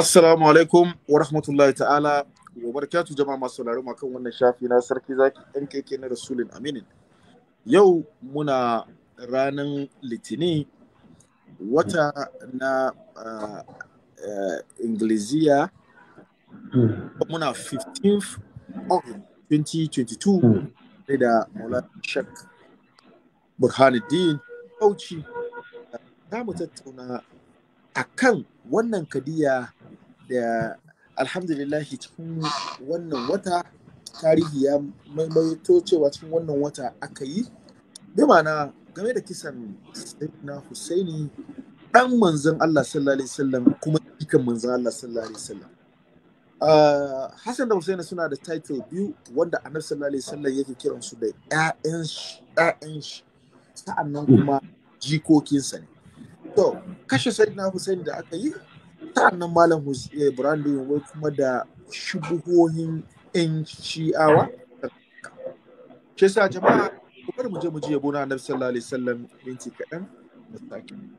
Assalamu alaikum wa rahmatullahi ta'ala wa barakatu jama'a masu sauraro kan wannan shafi na sarki zaki ɗan keke na Rasulun Aminin. Yau muna ranar Litini wata na uh, uh, Ingiliziya muna 15th of 2022 da Maulana Shek Burhanuddin Bauchi. Za mu tattauna a kan wannan kadiya da alhamdulillah cikin wannan wata tarihi ya maimaito cewa cikin wannan wata aka yi bi ma'ana game da kisan na Husaini dan manzon Allah sallallahu alaihi wasallam kuma jikan manzon Allah sallallahu alaihi wasallam Uh, Hassan da Hussein suna da title biyu wanda Annabi sallallahu alaihi wasallam yake kiransu da ƴaƴan shi ƴaƴan sa'annan kuma jikokinsa ne to kashe na Hussein da aka yi sa'annan malam eh, brandon Yunwai kuma da shubuhohin 'yan shi'awa Ke sa jama'a ku mu je mu ji yabo na annabi sallallahu alaihi wasallam minti kaɗan mu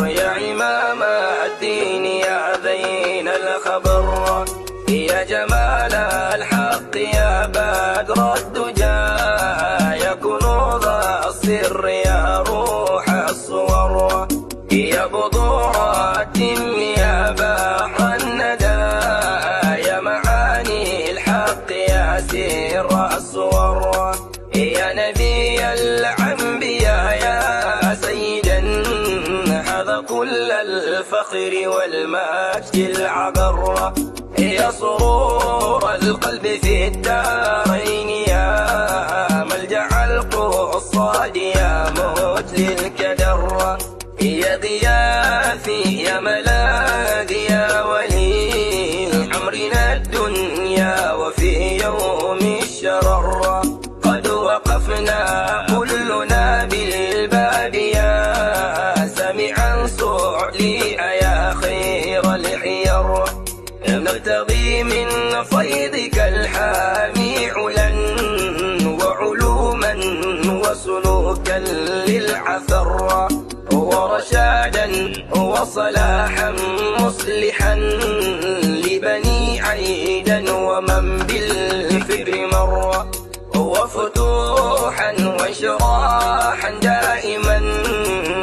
وصلاحا مصلحا لبني عيدا ومن بالفكر مر وفتوحا وشراحا دائما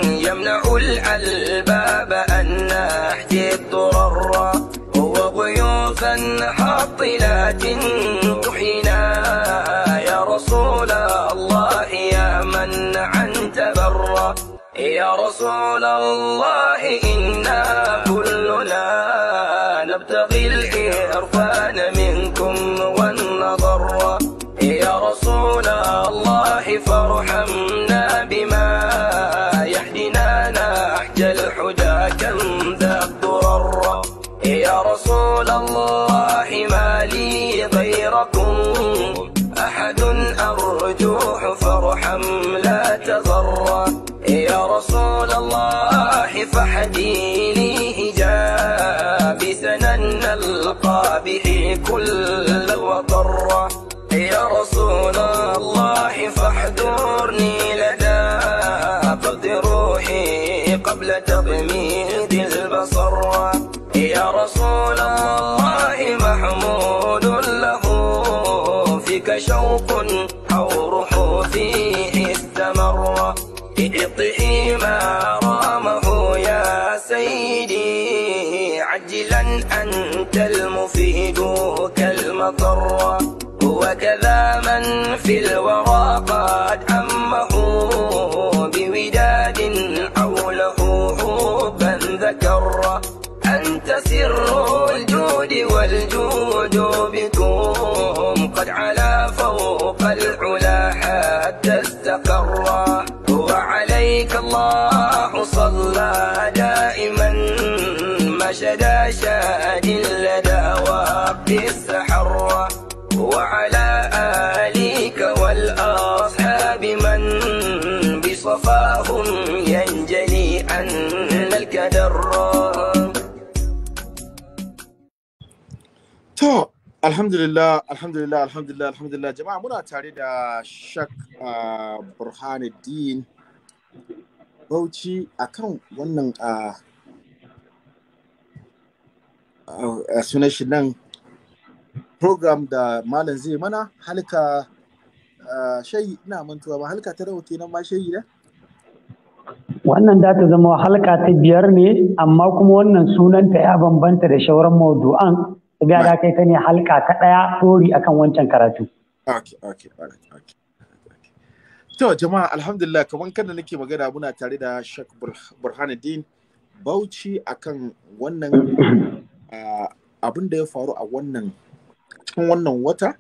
يمنع الألباب أن نحجي الضرر وضيوفا حاطلات تحينا يا رسول الله يا من عن تبرأ رسول الله إنا كلنا نبتغي الإرفان منكم والنظر يا رسول الله فارحمنا والله فاحضرني لدى فقد روحي قبل تضميد البصر يا رسول الله محمود له فيك شوق أو روح فيه استمر اطحي ما To, alhamdulillah, alhamdulillah, alhamdulillah, alhamdulillah. Jama'a muna tare da Shak uh, Burhanuddin Bauchi a kan wannan a uh, ah, sunan shi nan program da malam zai mana halika ah, shayi ina mantuwa ba halika ta nawa kenan ma shayi da? Wannan da ta zama halika ta biyar ne amma kuma wannan sunanta ya bambanta da shauran maudu'an gada da kai ta ne halka ta ɗaya tori akan wancan karatu. To jama'a alhamdulillah kamar kanda nake magana muna tare da Sheikh Burhanuddin Bauchi akan wannan ah, abin da ya faru a wannan cikin wannan wata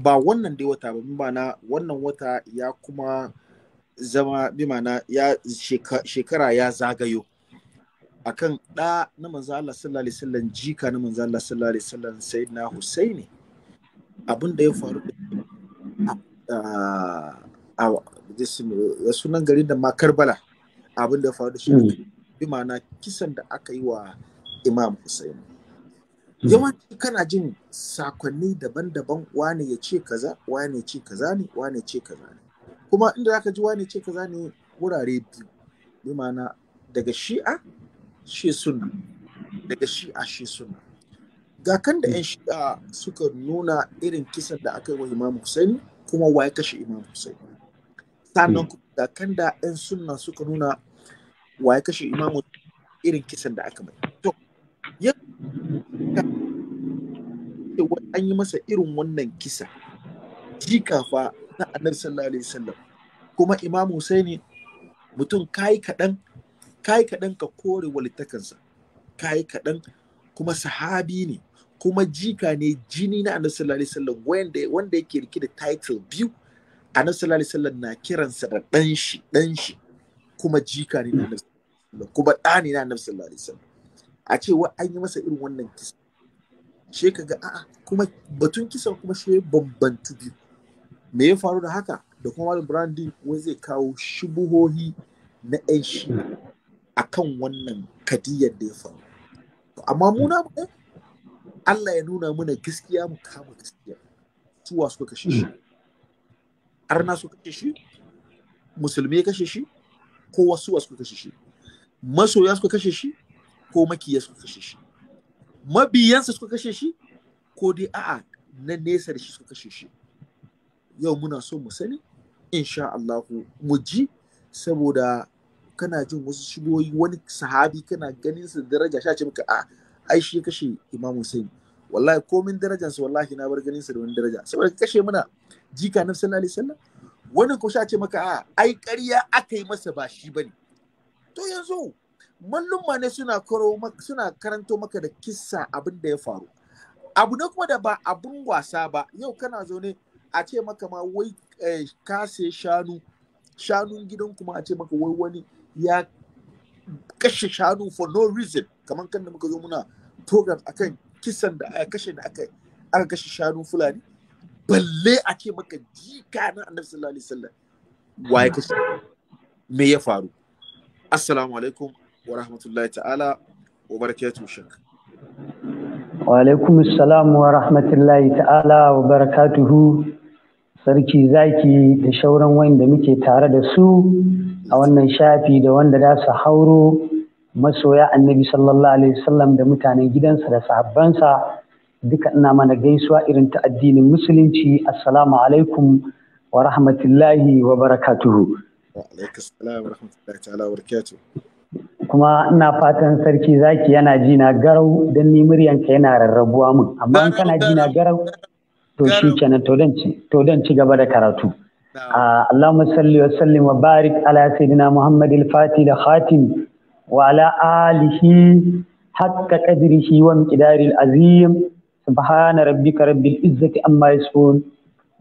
ba wannan dai wata ba bimana wannan wata ya kuma zama bimana ya shekara ya zagayo akan ɗa na manzo Allah sallallahu alaihi wasallam jika na manzo Allah sallallahu alaihi wasallam sayyidina Husaini abin da ya faru a sunan garin da ma Karbala abin da ya faru da shi hmm. bi ma'ana kisan da aka yi wa Imam Husaini hmm. yawanci kana jin sakonni daban-daban wane ya ce kaza wane ya ce kaza ne wane ya ce kaza ne kuma inda zaka ji wane ya ce kaza ne wurare biyu bi ma'ana daga shi'a shi suna, daga shi a shi suna, ga kan da 'yan shi'a suka nuna irin kisan da aka yi wa imam Husaini, kuma wa ya kashe imam Husaini? sannan ga kan da 'yan suna suka nuna wa ya kashe imam irin kisan da aka mai to an yi masa irin wannan kisa jikafa na annabi sallallahu alaihi wasallam kuma imam Husaini mutum kai kaɗan kai kaɗan ka kore walittakansa kai kaɗan kuma sahabi ne kuma jika ne jini na annabi sallallahu alaihi wasallam wanda yake rike da title biyu annabi sallallahu alaihi wasallam na kiransa da dan shi dan shi kuma jika ne na annabi kuma ɗa ne na annabi sallallahu alaihi wasallam a ce wa an yi masa irin wannan kisa she ka ga a'a kuma batun kisan kuma she bambantu biyu me ya faru da haka da kuma malam brandi wai zai kawo shubuhohi na ɗan shi akan wannan kadiyar da ya faru amma muna hmm. Allah ya nuna mana gaskiya mu kama gaskiya suwa suka kashe shi hmm. arna suka kashe shi musulmi ya kashe shi ko wasu suka kashe shi masoya suka kashe shi ko makiya suka kashe shi mabiyansa suka kashe shi ko dai a'a na nesa da shi suka kashe shi yau muna so mu sani insha Allah mu ji saboda kana jin wasu shigoyi wani sahabi kana ganin su daraja sha ce maka a ai shi kashe Imam Hussein wallahi komin su wallahi na bar ganin su da wani daraja saboda kashe muna jika na sallallahu alaihi wasallam wani ko sha ce maka a ai ƙarya aka yi masa ba shi bane to yanzu ma ne suna karo suna karanto maka da kissa abin da ya faru abu ne kuma da ba abun wasa ba yau kana zaune a ce maka ma wai eh, ka shanu shanun gidan kuma a ce maka wai wani ya kashe shanu for no reason kamar kan da muka zo muna program akan kisan da aka kashe da aka aka kashe shanu fulani balle a ce maka jika na annabi sallallahu alaihi wasallam waye kashe me ya faru assalamu alaikum wa rahmatullahi ta'ala wa barakatuhu shak wa alaikum assalam wa rahmatullahi ta'ala wa barakatuhu sarki zaki da shauran wanda muke tare da su a wannan shafi da wanda za su hauro masoya annabi sallallahu alaihi wasallam da mutanen gidansa da sahabbansa duka ina mana gaisuwa irin ta addinin musulunci assalamu alaikum wa rahmatullahi wa barakatuhu kuma ina fatan sarki zaki yana ji na garau don ni muryanka yana rarrabuwa mun amma kana ji na garau to shi kenan to dan ci gaba da karatu آه اللهم صل وسلم وبارك على سيدنا محمد الفاتح الخاتم وعلى آله حق قدره ومقدار العظيم سبحان ربك رب العزة أما يصفون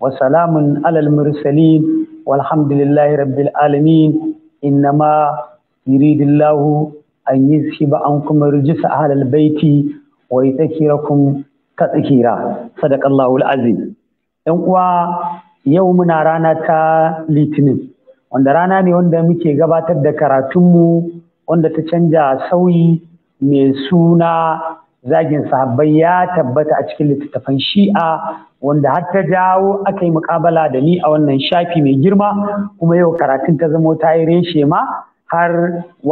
وسلام على المرسلين والحمد لله رب العالمين إنما يريد الله أن يذهب عنكم الرجس أهل البيت ويتكيركم تطهيرا صدق الله العظيم ɗan uwa yau muna rana ta litinin wanda rana ne wanda muke gabatar da karatunmu wanda ta canja sauyi mai suna zagin sahabbai ya tabbata a cikin littattafan shi'a wanda har ta jawo aka yi mukabala da ni a wannan shafi mai girma kuma yau karatun ta zama ta yi reshe ma har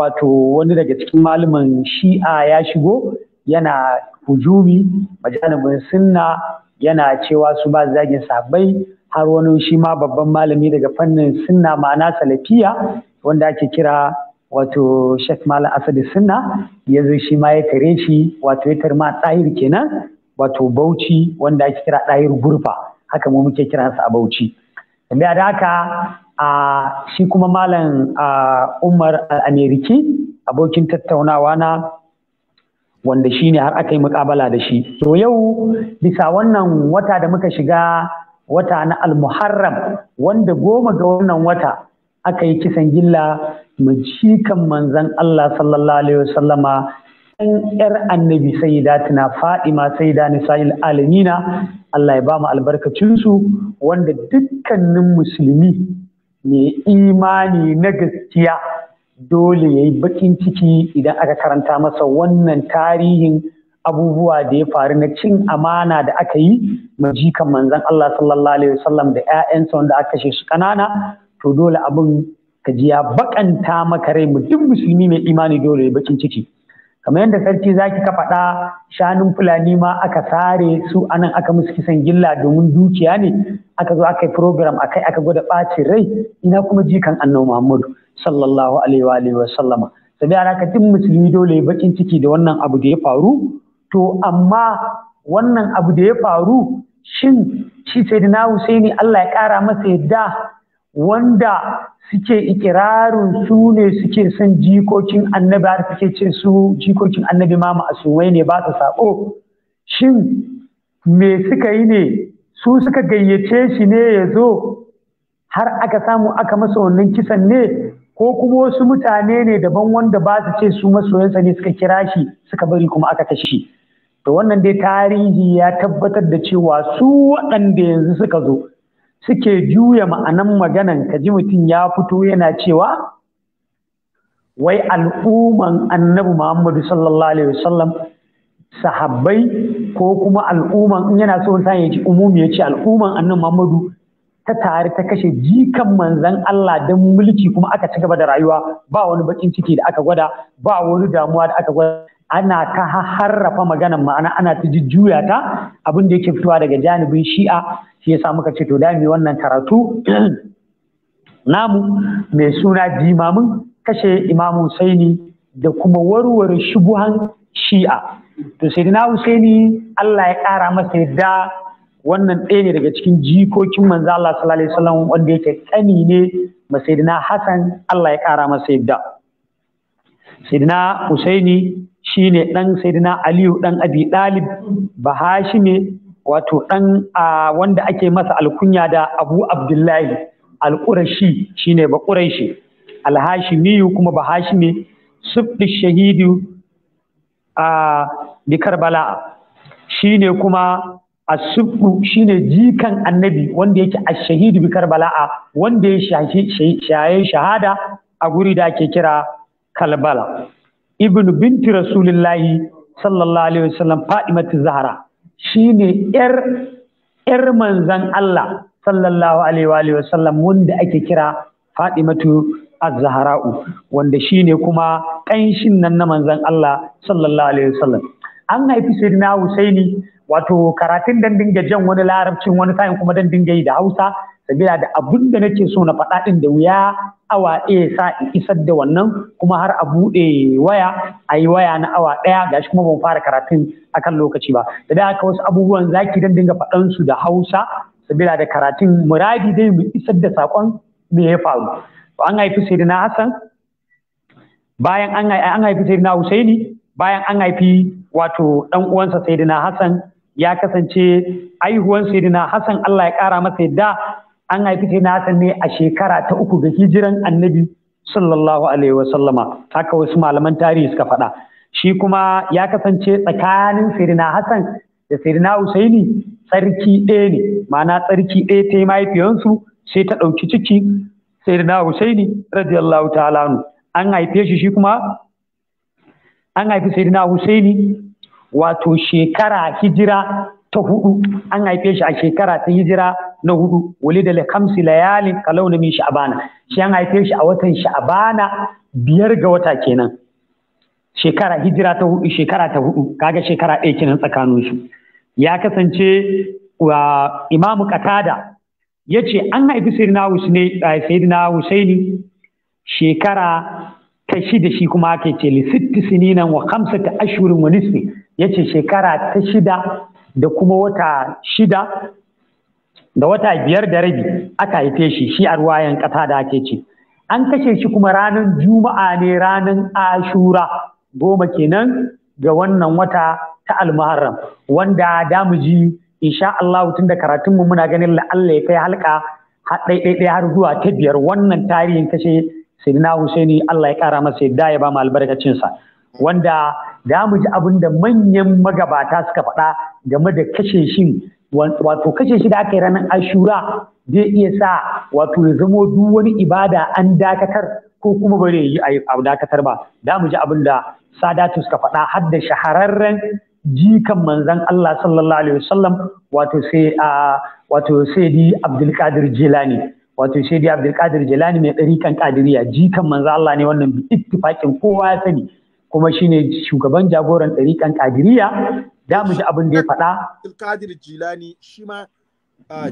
wato wani daga cikin malaman shi'a ya shigo yana hujumi majalibin sunna yana cewa su ba zagin sahabbai har wani shi ma babban malami daga fannin sunna ma'ana salafiya wanda ake kira wato Sheikh Malam Asadi Sunna ya zo shi ma ya kare shi wato ya tarma ɗahir kenan wato Bauchi wanda ake kira ɗahir gurfa haka mu muke sa a Bauchi. Tambaya da haka a shi kuma Malam Umar Al-Ameriki abokin tattaunawa na wanda shi ne har aka yi mukabala da shi. To yau bisa wannan wata da muka shiga wata na al-muharram wanda goma ga wannan wata aka yi kisan gilla majikan manzan Allah sallallahu alaihi wasallama ɗan ‘yar annabi sayyidatina fa'ima da nisa'il alamina Allah ya ba mu albarkacinsu wanda dukkanin musulmi mai imani na gaskiya dole ya yi baƙin ciki idan aka karanta masa wannan tarihin abubuwa da ya faru na cin amana da aka yi mai jikan manzan Allah sallallahu alaihi wasallam da 'ya'yansa wanda aka kashe su kanana to dole abin ka ji ya bakanta maka rai mu duk musulmi mai imani dole ya bakin ciki kamar yadda sarki zaki ka faɗa shanun fulani ma aka sare su anan aka musu kisan gilla domin dukiya ne aka zo aka yi program akai aka gwada ɓacin rai ina kuma jikan annabi Muhammadu sallallahu alaihi wa wa sallama sabi alaka musulmi dole ya bakin ciki da wannan abu da ya faru to amma wannan abu da ya faru shin shi sayyidina Husaini Allah ya ƙara masa yadda wanda suke ikirarin su ne suke son jikokin annabi har suke ce su jikokin annabi ma ma'asumai ne ba su sako shin me suka yi ne su suka gayyace shi ne ya zo har aka samu aka masa wannan kisan ne ko kuma wasu mutane ne daban wanda ba su ce su masoyansa ne suka kira shi suka bari kuma aka kashe shi to wannan dai tarihi ya tabbatar da cewa su waɗanda yanzu suka zo suke juya ma'anan maganan ka ji mutum ya fito yana cewa wai al'umman annabi muhammadu sallallahu alaihi wasallam sahabbai ko kuma al'umman in yana so sa ya ci umumi ya ce al'umman annabi muhammadu ta tare ta kashe jikan manzan Allah don mulki kuma aka ci gaba da rayuwa ba wani bakin ciki da aka gwada ba wani damuwa da aka gwada ana ta harrafa maganan ma'ana ana ta jujjuya ta abin da yake fitowa daga janibin shi'a shi yasa muka ce to da mu wannan karatu namu mai suna jimamin kashe imamu Husaini da kuma warware shubuhan shi'a to sai na Husaini Allah ya kara masa yadda wannan ɗaya ne daga cikin jikokin manzo Allah sallallahu alaihi wasallam wanda yake tsani ne masaidina Hassan Allah ya kara masa yadda sayyidina husaini shine dan sayyidina aliyu dan abi dalib bahashi ne wato dan wanda ake masa alkunya da abu abdullahi alqurashi shine baquraishi alhashimiyu kuma bahashimi sufi shahidu a bi karbala shine kuma asubbu shine jikan annabi wanda yake ashahidu bi karbala wanda ya shaye shahada a guri da ake kira kalbala ibnu binti rasulillahi sallallahu alaihi wasallam fadimatu zahra shine yar yar manzan Allah sallallahu alaihi Wasallam wanda ake kira fadimatu az-zahra'u wanda shine kuma kanshin nan na manzan Allah sallallahu alaihi wasallam an haifi sayyidina Husaini wato karatun dan dinga jan wani larabcin wani sa'in kuma dan dinga yi da Hausa sabila da abun da nake so na faɗa ɗin da wuya awa ɗaya sa in isar da wannan kuma har a buɗe waya a yi waya na awa ɗaya gashi kuma ban fara karatun akan lokaci ba da da haka wasu abubuwan zaki dan dinga faɗan su da hausa sabila da karatun muradi dai mu isar da saƙon me ya faru to an haifi sayyidina hassan bayan an haifi sayyidina husaini bayan an haifi wato ɗan uwansa sayyidina hassan ya kasance aihuwan sayyidina Hassan Allah ya kara masa yadda an haifi sai na ne a shekara ta uku ga hijiran annabi sallallahu alaihi wasallama haka wasu malaman tarihi suka faɗa shi kuma ya kasance tsakanin sirina hassan da sirina husaini tsarki ɗaya ne ma'ana tsarki ɗaya ta mahaifiyansu sai ta ɗauki ciki sirina husaini radiyallahu ta'ala an haife shi shi kuma an haifi sirina husaini wato shekara hijira ta hudu an haife shi a shekara ta hijira na hudu wali da kamsi layalin kalau min sha'abana shi an haife shi a watan sha'abana biyar ga wata kenan shekara hijira ta hudu shekara ta hudu kaga shekara ɗaya kenan tsakanin su ya kasance wa imamu ya yace an haifi eh, sayyidina husaini shekara ta shida shi kuma ake ce li sininan wa ta ashhurin wa nisfi yace shekara ta shida da kuma wata shida da wata biyar da rabi aka haife shi shi a ruwayan ƙasa da ake ce an kashe shi kuma ranar juma'a ne ranar ashura goma kenan ga wannan wata ta almuharram wanda da mu ji insha Allah tun da karatunmu muna ganin la'alla ya kai halka ɗaiɗaiɗai har zuwa ta biyar wannan tarihin kashe Sidi Husaini Allah ya ƙara masa yadda ya ba mu albarkacinsa. wanda da mu ji abin da manyan magabata suka faɗa game da kashe shi wato kashe shi da aka yi ranar ashura zai iya sa wato ya zamo duk wani ibada an dakatar ko kuma bare yi a dakatar ba da mu ji abin da sadatu suka faɗa har da shahararren jikan manzan Allah sallallahu alaihi wasallam wato sai a wato sai di Abdulkadir Jilani wato sai di Qadir Jilani mai ɗarikan Kadiriya jikan manzan Allah ne wannan bi ittifaqin kowa ya sani kuma shine shugaban jagoran ɗariƙan ƙadiriya da mu ji abin da ya faɗa. Abdulkadir Jilani shi ma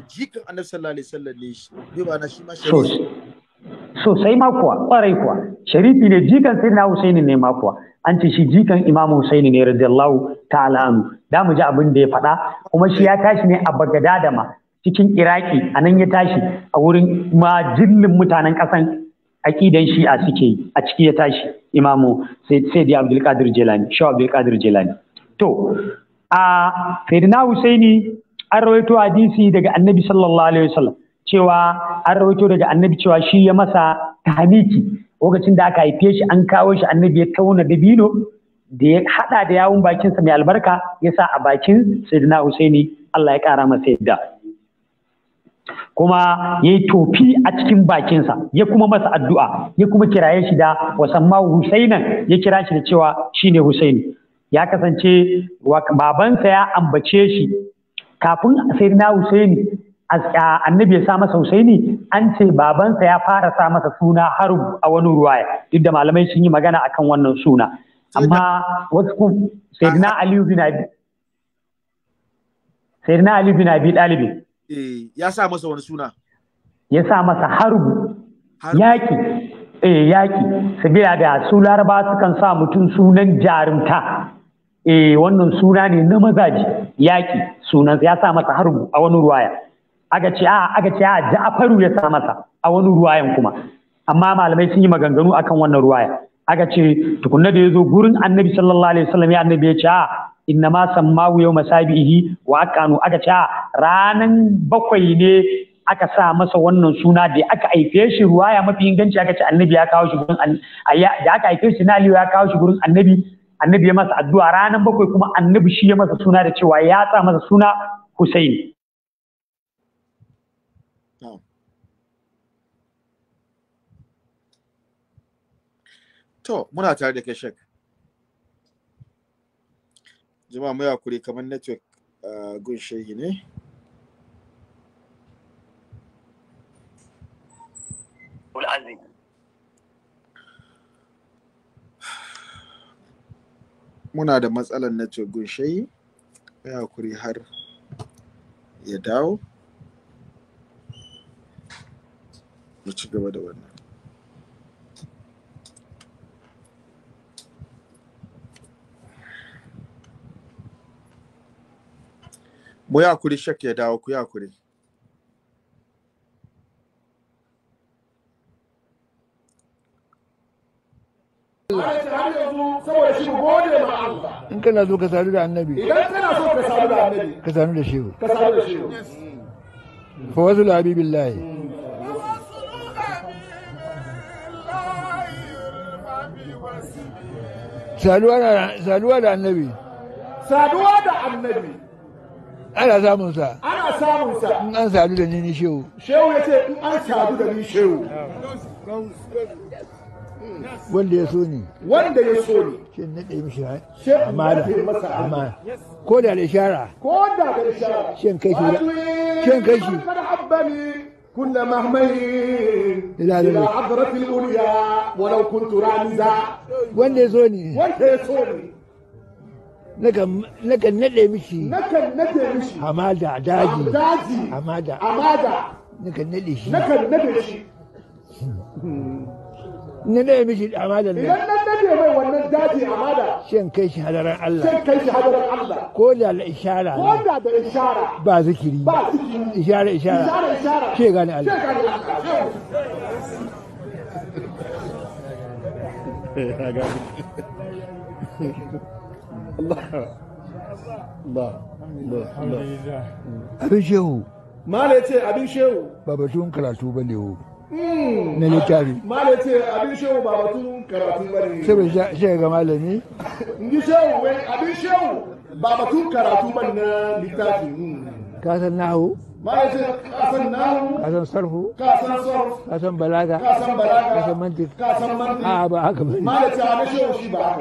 jikin annabi sallallahu alaihi wasallam ne shi ba na shi ma sosai ma kuwa ƙwarai kuwa sharifi ne jikan na Husaini ne ma kuwa an ce shi jikan Imam Husaini ne radiyallahu ta'ala anhu da mu ji abin da ya faɗa kuma shi ya tashi ne a da ma cikin Iraki a nan ya tashi a wurin majillin mutanen ƙasan aƙidan shi'a suke a ciki ya tashi imamu sai da abdulkadir jelani shaw abdulkadir jilani to a sayyidina husaini an rawaito hadisi daga annabi sallallahu alaihi wasallam cewa an rawaito daga annabi cewa shi ya masa tahmiki lokacin da aka haife shi an kawo shi annabi ya tauna dabino da ya hada da yawun bakinsa mai albarka ya sa a bakin sayyidina husaini Allah ya kara masa yadda kuma ya yi tofi a cikin bakinsa ya kuma masa addu'a ya kuma kiraye shi da wasan wasamma husainan ya kira shi da cewa shine husaini ya kasance babansa ya ambace shi kafin sayyidina husaini annabi ya sa masa husaini an ce babansa ya fara sa masa suna harub a wani ruwaya duk da malamai sun yi magana akan wannan suna amma wasu sayyidina aliyu bin abi sayyidina aliyu bin abi Eh, ya sa masa wani suna. Ya sa masa harbu. Yaƙi. Eh, yaƙi. Sabila da su laraba sukan sa mutum sunan jarumta. Eh, wannan suna ne na mazaji. Yaƙi. Sunan ya sa masa harbu a wani ruwaya. Aga ce ah, a aga ce a ah, Ja'faru ya sa masa a wani ruwayan kuma. Amma malamai sun yi maganganu akan wannan ruwaya. Aga ce tukunna da ya zo gurin Annabi sallallahu alaihi wasallam ya Annabi ya ce a ah, inna ma sammahu yau masabihi wa kanu aka ce ranan bakwai ne aka sa masa wannan suna da aka haife shi ruwaya mafi inganci aka ce annabi ya kawo shi gurin da aka haife shi na aliyu ya kawo shi gurin annabi annabi ya masa addu'a ranan bakwai kuma annabi shi ya masa suna da cewa ya sa masa suna Hussein to muna tare da kai shek jama'a mu yakuri kamar network uh, gun shehi ne muna da matsalar network gun shehi ya kuri har ya dawo mu ci gaba da wannan mu ya kuri shak ya dawo ku ya kuri in kana so ka sadu da annabi idan kana so ka sadu da annabi ka sadu da shi ka sadu da shehu fa wasu habibillahi saduwa da annabi saduwa da annabi ana samun sa ana samun sa in an sadu da ni ni shehu shehu ya ce in an sadu da ni shehu wanda ya so ni wanda ya so ni shi na ɗaya mishi amana amana ko da da ishara ko da da ishara shin kai shi shin kai shi كنا مهملين إلى إلى عبرة الأولياء ولو كنت رانزا وين يزوني وين يزوني nakan nade mishi nakan nade mishi hamada daji daji hamada hamada nakan nade shi nakan nade shi nade mishi hamada ne idan nan nade mai wannan daji hamada shin kai shi hadaran Allah shin kai shi hadaran Allah ko da la ishara ko da da ishara ba zikiri ba zikiri ishara ishara ishara ishara ke gane Allah ke gane Allah ya gane abin shehu mala ce abin shehu ba batun karatu ba ne wo na littafi mala ce abin shehu ba batun karatu ba ne saboda shi ga malami ni shehu wai abin shehu ba batun karatu ba na littafi ka san nahu kasan kasan sarfu kasan balaga kasan balaga a ba haka ba ne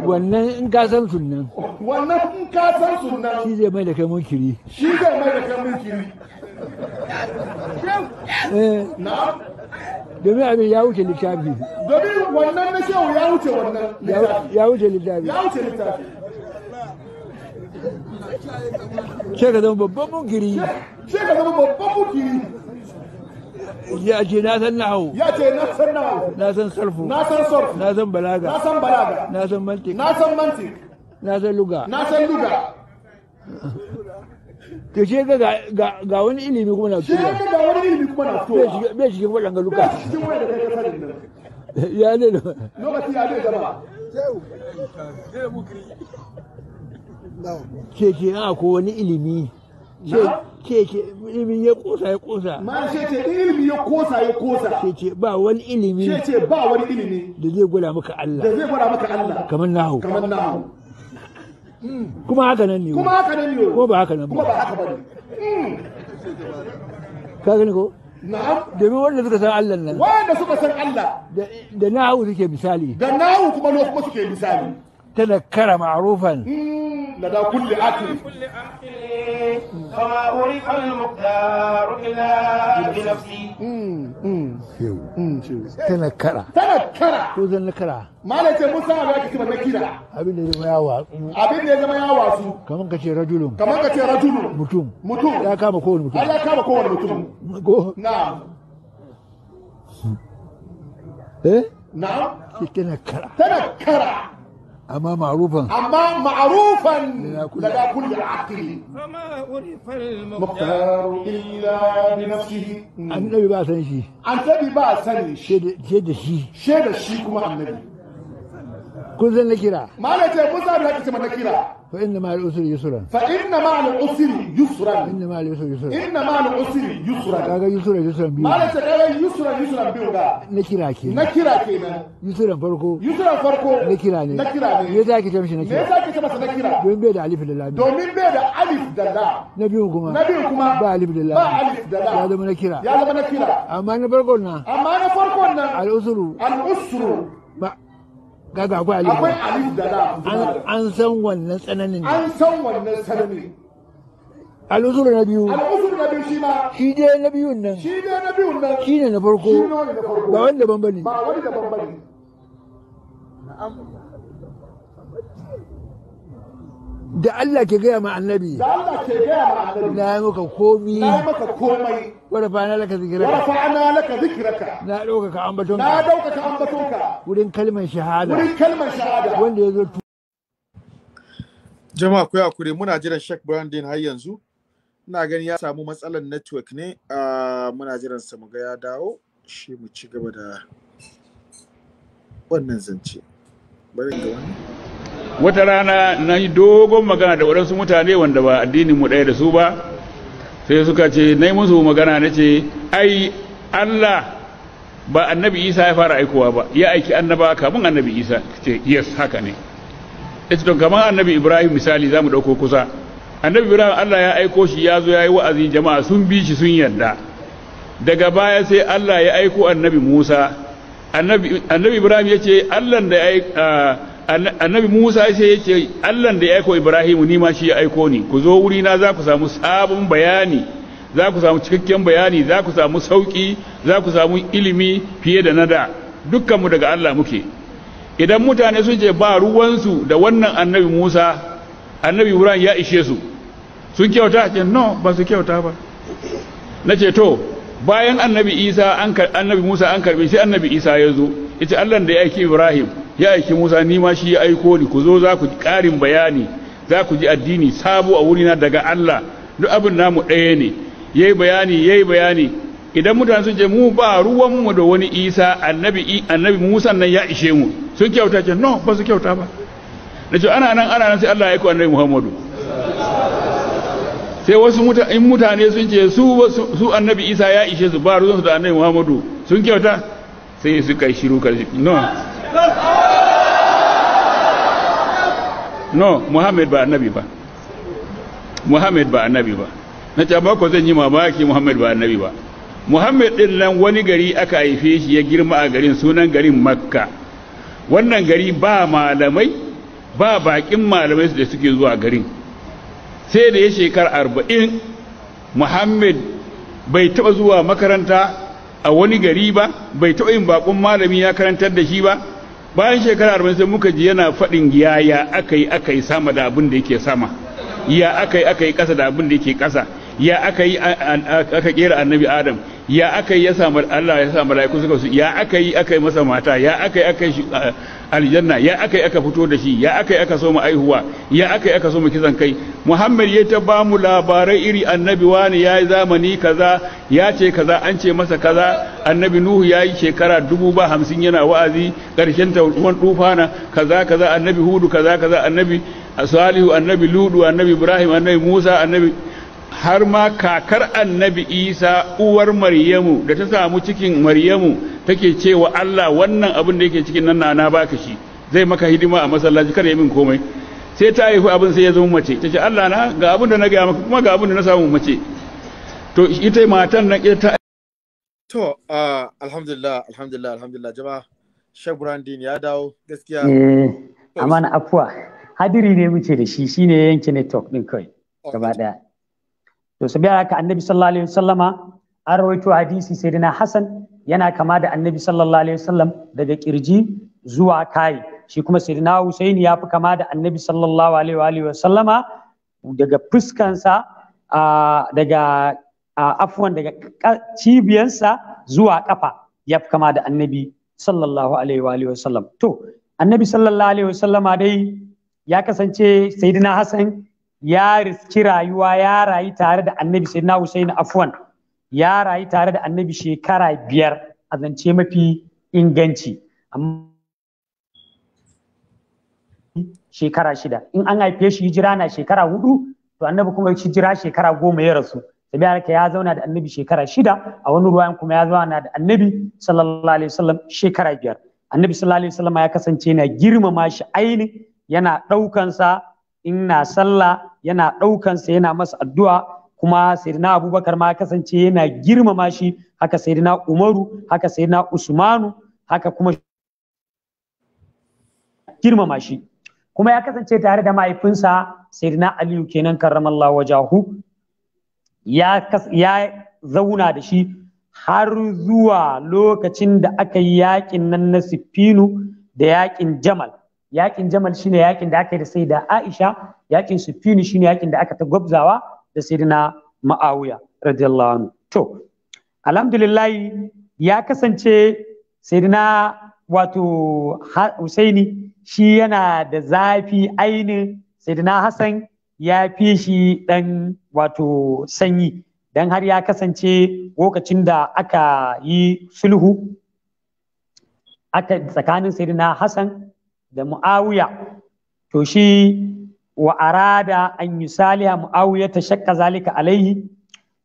wannan in kasan sunan. wannan in shi zai mai da kai munkiri shi zai mai da kai munkiri eh. domin abin ya wuce littafi wannan na shehu ya wuce littafi ya wuce littafi sai ka zama babban babban mugiri ya ce na san nahawu ya ce na san nahawu na san sarfu na san sarfu na san balaga na san balaga na san mantik na san mantik na san luga na san luga to ce ga ga wani ilimi kuma na fito ga wani ilimi kuma na fito bai cikin waɗanga luka ya ne lokaci ya ne gaba keke a ko wani ilimi keke ilimi ya kosa ya kosa ma ce ce ilimi ya kosa ya kosa keke ba wani ilimi ce ce ba wani ilimi da zai gwada maka Allah da zai gwada maka Allah kamar nahu kamar nahu hmm. kuma haka nan ne kuma haka nan ne kuma ba haka nan ba kuma ba haka ba ne hmm. ka gani ko Na'am. Domin wanda suka san Allah nan. Wanda suka san Allah. Da nahu suke misali. Da nahu kuma kuma suke misali. تنكر معروفا لدى كل أكل كل فما أريد المقدار إلا بنفسي تنكر تنكر كوزا نكرا ما لك يا موسى ما لك يا نكرا أبين يا زمايا واسو أبين يا زمايا واسو كما أنك يا رجل كما أنك يا رجل متوم متوم لا كما كون متوم لا كما كون متوم نعم إيه نعم أما معروفا أما معروفا لدى كل عاقل فما عرف المختار إلا بنفسه النبي بقى سن شي النبي بقى سن شد شهد شي شهد شي كما النبي كل ذا ما لا تقول ذا بلا كما نكرا فإنما العسر يسرا فإنما العسر يسرا إن العسر يسرا إنما العسر يسرا كاغا يسرا يسرا بيو ما لسه كاغا يسرا يسرا بيو دا نكرا كينا نكرا كينا يسرا فرقو يسرا فرقو نكرا ني نكرا ني يدا كي تمشي نكيرا يدا كي تمشي نكيرا دومين بيد علي في الله دومين بيد علي في الله نبيو كما نبيو كما با علي في الله با علي في الله يا زمان نكيرا يا نكيرا زمان نكرا أما نفرقونا أما نفرقونا العسر العسر gaga an san wannan tsananin an san na biyu shi ma na biyun nan shi dai na biyun nan shi ne na farko ba wanda daban ba wanda bane na'am da Allah ke gaya ma annabi da Allah ke gaya ma annabi na yi maka komi na yi maka komai wa fana laka zikiraka wa laka na ɗaukaka ambatonka na ɗaukaka wurin kalmar shahada wurin kalmar shahada wanda ya zo jama'a ku kure muna jiran Sheikh Brandon har yanzu ina ganin ya samu matsalar network ne ah, muna jiran sa mu ga ya dawo shi mu ci gaba da wannan zance wata rana na yi dogon magana da waɗansu mutane wanda ba addinin mu ɗaya da su ba sai suka ce na yi musu magana na ce ai Allah ba annabi isa ya fara aikowa ba ya aiki annaba kamun annabi isa ce yes haka ne ita don kamar annabi ibrahim misali za mu ɗauko kusa annabi ibrahim Allah ya aiko shi ya zo ya yi wa'azi jama'a sun bi shi sun yarda daga baya sai Allah ya aiko annabi musa annabi ibrahim ya ce allan da annabi musa sai ya ce allan da ya aiko ibrahim ni ma shi ya aiko ni ku zo wuri na za ku samu sabon bayani za ku samu cikakken bayani za ku samu sauki za ku samu ilimi fiye da na da dukkanmu daga allah muke idan mutane sun ce ba ruwansu da wannan annabi musa annabi ibrahim ya ishe su sun kyauta ce no ba su kyauta ba na ce to bayan annabi isa annabi musa an karbe sai annabi isa ya zo ce allah da ya aiki ibrahim ya aiki musa ni ma shi ya aiko ni ku zo za ku karin bayani za ku ji addini sabo a wurina daga allah duk abin namu ɗaya ne yayi bayani yayi bayani idan mutane sun ce mu ba ruwanmu da wani isa annabi annabi musa nan ya ishe mu sun kyauta ce no ba su kyauta ba da ce ana nan ana nan sai allah ya aiko annabi muhammadu sai wasu in mutane sun ce su annabi isa ya ishe su ba su da annabi muhammadu sun kyauta sai su kai shiru karshe no no muhammad ba annabi ba muhammad ba annabi ba na ce bako zan yi mamaki muhammad ba annabi ba muhammad din nan wani gari aka haife shi ya girma a garin sunan garin makka wannan gari ba malamai ba bakin malamai da suke zuwa garin sai da ya shekar arba'in muhammad bai taɓa zuwa makaranta a wani gari ba bai taɓa yin baƙon malami ya karantar da shi ba bayan shekara arba'in sai muka ji yana faɗin ya aka yi aka yi sama da abin da yake sama ya aka yi aka yi ƙasa da abin da yake ƙasa ya aka yi aka ƙera annabi adam ya aka yi ya samu Allah ya samu mala'iku suka su ya aka yi aka yi masa mata ya aka yi aka yi aljanna ya aka yi aka fito da shi ya aka yi aka so mu aihuwa ya aka yi aka so mu kisan kai Muhammad ya ta ba mu labarai iri annabi wani ya yi zamani kaza ya ce kaza an ce masa kaza annabi Nuhu ya yi shekara dubu ba hamsin yana wa'azi ƙarshen ta ruwan tufana kaza kaza annabi Hudu kaza kaza annabi Salihu annabi Ludu annabi Ibrahim annabi Musa annabi har ma kakar annabi isa uwar maryamu da ta samu cikin maryamu take cewa allah wannan abin da yake cikin nan na baka shi zai maka hidima a masallaci kar ya min komai sai ta haifi abin sai ya zama mace ta ce allah na ga abin da na gaya maka kuma ga abin da na samu mace to ita matan nan ita to alhamdulillah alhamdulillah alhamdulillah jama'a shek brandin ya dawo gaskiya eh na afuwa hadiri ne muke da shi shine yanke network din kai gaba daya to sabiya haka annabi sallallahu alaihi wasallama an rawaito hadisi sayyidina hasan yana kama da annabi sallallahu alaihi wasallam daga kirji zuwa kai shi kuma sayyidina husaini ya fi kama da annabi sallallahu alaihi wasallama daga fuskansa daga afwan daga cibiyansa zuwa kafa ya fi kama da annabi sallallahu alaihi wasallam to annabi sallallahu alaihi wasallama dai ya kasance sayyidina hasan ya riski rayuwa ya rayu tare da annabi sai na Hussein afwan ya rayu tare da annabi shekara biyar a zance mafi inganci amma shekara shida in an haife shi hijira na shekara hudu to annabi kuma shi jira shekara goma ya rasu sabi haka ya zauna da annabi shekara shida a wani ruwan kuma ya zauna da annabi sallallahu alaihi wasallam shekara biyar annabi sallallahu alaihi wasallam ya kasance na girmama shi aini yana ɗaukansa in na sallah yana ɗaukansa yana masa addu'a kuma sayyidina abubakar ma kasance yana girmama shi haka sayyidina umaru haka sayyidina usmanu haka kuma girmama shi kuma ya kasance tare da mahaifinsa sayyidina aliyu kenan karramallahu wajahu ya ya zauna da shi har zuwa lokacin da aka yi yakin nan na Sifinu da yakin jamal yakin jamal shine yakin da aka yi da sai da aisha yakin sufini shine yakin da aka ta gwabzawa da sayyidina ma'awiya radiyallahu anhu to alhamdulillah ya kasance sayyidina wato husaini shi yana da zafi ainin sayyidina Hassan ya fi shi dan wato sanyi dan har ya kasance lokacin da aka yi sulhu aka tsakanin sayyidina Hassan. da muawiya to shi wa arada an saliha muawiya ta shakka zalika alaihi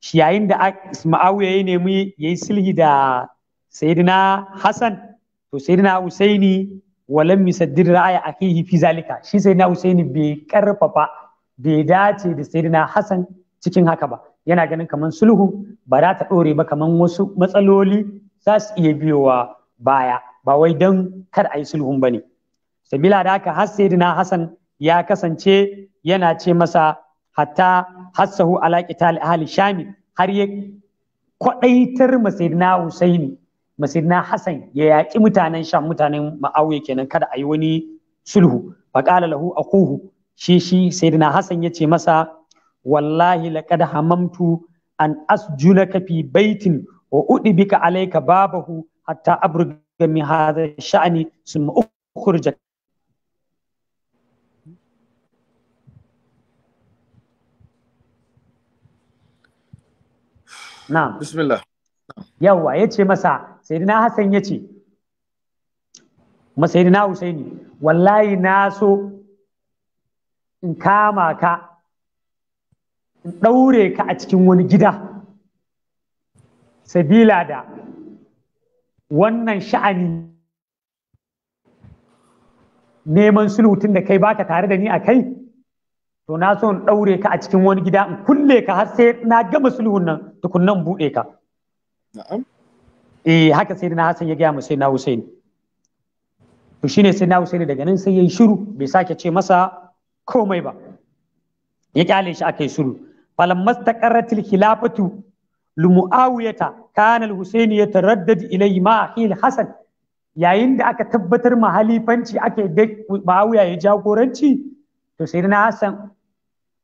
shi yayin da muawiya ya nemi yayi sulhi da sayyidina hasan to sayyidina husaini walam yusaddir ra'aya akihi fi zalika shi sayyidina husaini bai karfafa bai dace da sayyidina Hassan cikin haka ba yana ganin kamar sulhu ba za ta ɗore ba kaman wasu matsaloli za su iya biyowa baya ba wai don kar a yi sulhun ba ne sabila da haka har hasan ya kasance yana ce masa hatta hassahu ala qital ahli shami har ya kwadaitar masirna husaini masirna hasan ya yaƙi mutanen sham mutanen ma'awiya kenan kada a yi wani sulhu faqala lahu akuhu shi shi sayyidina hasan ya ce masa wallahi laqad hamamtu an asjunaka fi baitin wa udbika alayka babahu hatta abruga min hadha sha'ni summa ukhrijaka na'am bismillah ya ce, masa sayyidina ya ce masayyidina husaini wallahi na so in kama ka in ɗaure ka a cikin wani gida sabila da wannan sha'ani neman sulutun da kai baka tare da ni a kai to na so in ɗaure ka a cikin wani gida in kulle ka har sai na gama sulhun nan tukunnan buɗe ka eh haka sai na Hassan ya gaya mu sai na Hussein to shine sai na Hussein daga nan sai yayi shiru bai sake ce masa komai ba ya kyale shi aka akai shiru Falam mastaqarratil khilafatu lumuawiyata kana al-Husaini yataraddad ilayhi ma hil Hasan yayin da aka tabbatar ma halifanci ake da Muawiya ya jagoranci to sai na Hassan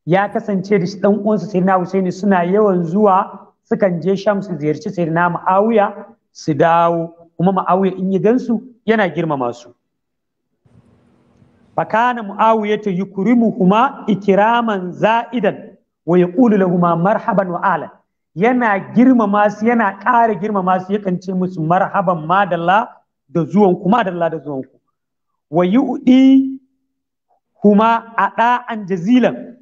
ya kasance da shi dan uwansa sai na suna yawan zuwa sukan je sham su ziyarci sayyidina ma'awiya su dawo kuma ma'awiya in yi gansu yana girmama su fakana mu'awiya ta yi kuma ikiraman za'idan wa ƙulu lahuma marhaban wa yana girmama su yana ƙara girmama su yakan ce musu marhaban madalla da zuwanku madalla da zuwanku wa kuma a ɗa'an jazilan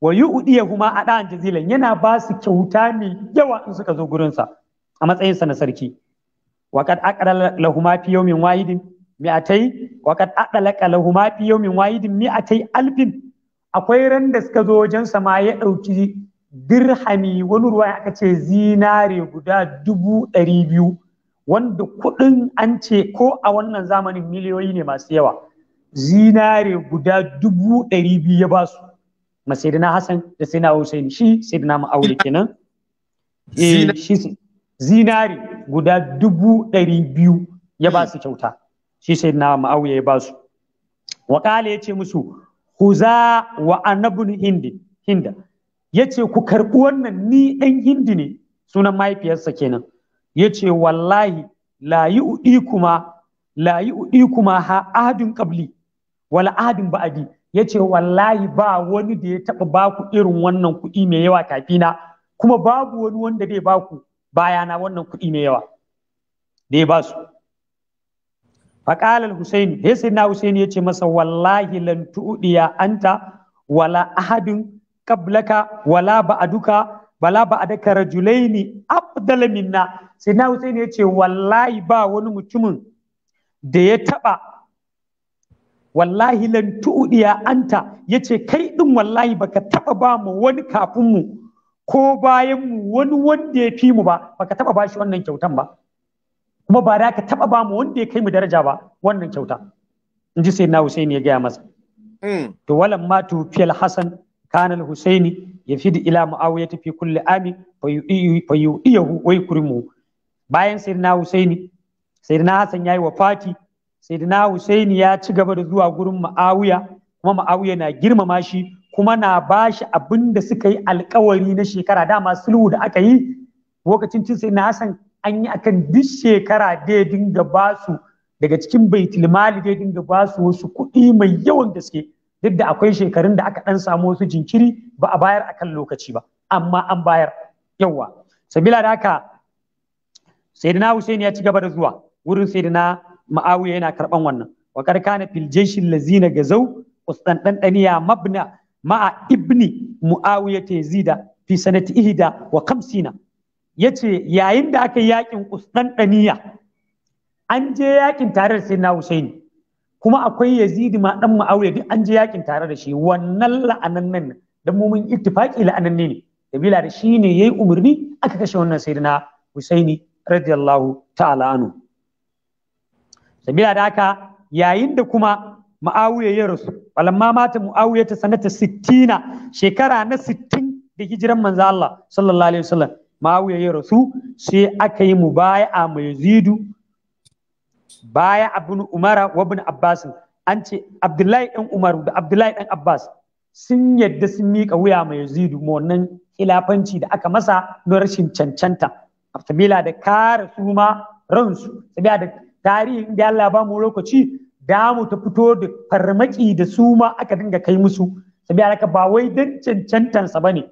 wa a ɗan jazilan yana ba su kyauta ne yawa in suka zo gurinsa. a matsayinsa na sarki Wakat qad lahuma fi yawmin wahidin mi'atai wa qad adalaka lahuma fi yawmin wahidin tai alfin akwai ran da suka zo wajen sama ya ɗauki dirhami wani ruwa aka ce zinare guda dubu ɗari biyu wanda kuɗin an ce ko a wannan zamanin miliyoyi ne masu yawa zinare guda dubu ɗari biyu ya basu. ma Hassan da sayyidina Hussein shi na ma'aure kenan eh zinari guda dubu ɗari biyu ya ba su kyauta shi na ma'aure ya ba su wa ce yace musu huza wa anabun hindi hinda yace ku karɓi wannan ni ɗan hindi ne sunan mahaifiyarsa kenan yace wallahi la yi kuma la yi kuma ha ahadin qabli wala ahadin ba'adi ya ce wallahi ba wani da ya taɓa baku irin wannan kuɗi mai yawa kafina kuma babu wani wanda zai baku bayana wannan kuɗi mai yawa da ya ba su faƙalar husaini ya sai na husaini ya ce masa wallahi lan an anta wala ahadin qablaka wala ba'aduka wala rajulai ne afdala minna sai na husaini ya ce wallahi ba wani mutumin da ya taɓa wallahi lan tu'diya anta yace kai ɗin wallahi baka taba ba mu wani kafin mu ko bayan mu wani wanda ya fi mu ba baka taba ba shi wannan kyautan ba kuma ba da ka taba ba mu wanda ya kai mu daraja ba wannan kyauta in ji sayyidina Husaini ya gaya masa to walan ma tufiyal Hasan kana al-Husaini yafid ila Muawiya fi kulli ami fa yu'iyahu wa yukrimu bayan sayyidina Husaini na Hassan yayi wafati sayyidina husaini ya ci gaba da zuwa gurin ma'awiya kuma ma'awiya na girmama shi kuma na ba shi abin da suka yi alkawari na shekara dama sulhu da aka yi lokacin cin sayyidina hasan an yi akan duk shekara da dinga ba su daga cikin baitul mali da ya dinga ba su wasu kuɗi mai yawan gaske duk da akwai shekarun da aka ɗan samu wasu jinkiri ba a bayar akan lokaci ba amma an bayar yawa sabila da haka sayyidina Hussein ya ci gaba da zuwa wurin sayyidina ma'awiya yana karban wannan wa qad kana fil Gazau, allazina gazaw ustan dandaniya mabna ma'a ibni muawiya yazida fi sanati ihda wa khamsina yace yayin da aka yakin ustan daniya an je yakin tare da sayyidina husaini kuma akwai yazidi ma dan muawiya duk an je yakin tare da shi wannan la'anannan dan mu mun ittifaqi la'ananne ne kabila da shi ne yayi umarni aka kashe wannan sayyidina husaini radiyallahu ta'ala anhu sabila da haka yayin da kuma muawiya ya rasu ma mata muawiya ta sanata sittina shekara na sittin da hijiran manzo Allah sallallahu alaihi wasallam muawiya ya rasu sai aka yi mu baya a mayazidu baya abin umara wa abin abbas an ce abdullahi Ɗan umar da abdullahi Ɗan abbas sun yadda sun miƙa wuya mai yazidu ma wannan khilafanci da aka masa na rashin cancanta Tabila da kare su ma ransu sabila da tarihin da Allah ba mu lokaci da mu ta fito da farmaki da su ma aka dinga kai musu tabi alaka ba wai dan sa bane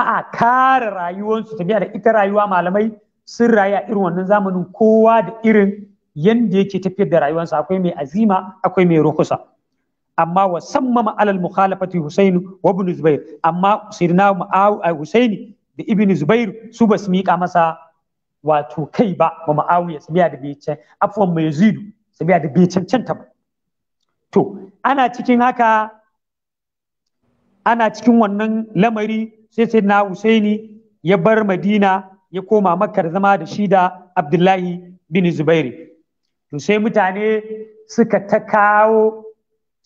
a'a kare rayuwarsu tabi da ita rayuwa malamai sun rayu a irin wannan zamanin kowa da irin yanda yake tafiyar da rayuwarsa akwai mai azima akwai mai rukusa amma wa sammama alal mukhalafati Husain wa Ibn Zubair amma sirna Husaini da Ibn Zubair su basu mika masa wato kai ba ma ma'awiya sabiya da bai can afwan mai zidu sabiya da bai cancanta ba to ana cikin haka ana cikin wannan lamari sai sai na husaini ya bar madina ya koma makar zama da shi da abdullahi bin zubairi to sai mutane suka ta kawo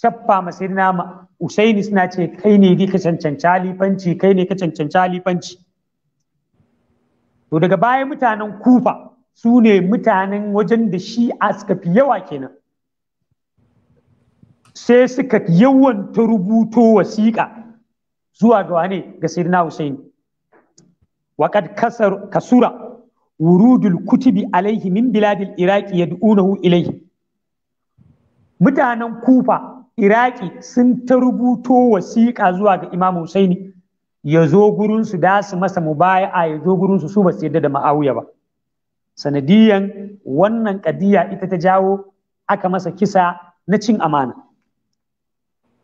cappa na usaini suna ce kai ne ka cancanci halifanci kai ne ka cancanci halifanci to daga baya mutanen kufa su ne mutanen wajen da shi'a suka fi yawa kenan sai suka yawan ta rubuto wasiƙa zuwa ga wane ga sayyidina Hussein waqad kasar kasura wurudul kutubi alaihi min biladil Iraki iraqi yad'unahu ilaihi mutanen kufa iraki sun ta rubuto wasiƙa zuwa ga Imam Husaini ya zo gurinsu da su masa a ya zo gurinsu su ba su yadda da ma'awiya ba sanadiyan wannan kadiya ita ta jawo aka masa kisa na cin amana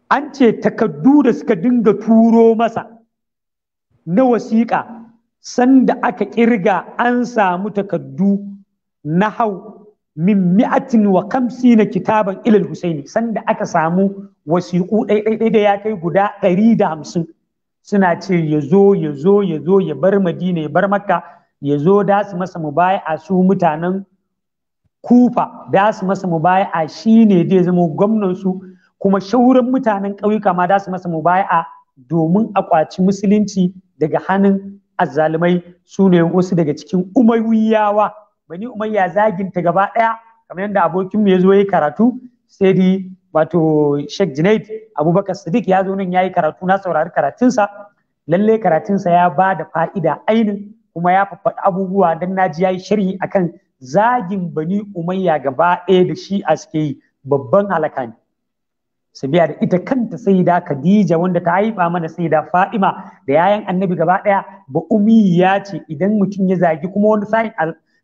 an ce takaddu da suka dinga turo masa na wasiƙa sanda aka ƙirga an samu takaddu na hau min mi'atin wa kamsi na kitaban ilil husaini sanda aka samu wasiƙu ɗaiɗaiɗai da ya kai guda ɗari da hamsin suna ce ya zo ya zo ya zo ya bar madina ya bar makka ya zo da su masa mubaya'a su mutanen kufa da su masa mubaya'a shine zai zama gwamnan su kuma shauran mutanen ƙauyuka ma da su masa mubaya'a domin a kwaci musulunci daga hannun azzalumai su ne wasu daga cikin umayyawa bani umayya zaginta gaba ɗaya kamar yadda abokinmu ya zo ya karatu sai dai. wato Sheikh Junaid Abubakar Sadiq ya zo nan ya yi karatu na saurari karatunsa lalle karatunsa ya ba da fa'ida ainin kuma ya faɗi abubuwa dan naji yi sharhi akan zagin bani umayya gaba ɗaya da shi a suke yi babban halaka ne sabiya da ita kanta saida khadija wanda ta haifa mana saida fa'ima da yayan annabi gaba ɗaya ba ce idan mutum ya zagi kuma wani sa'in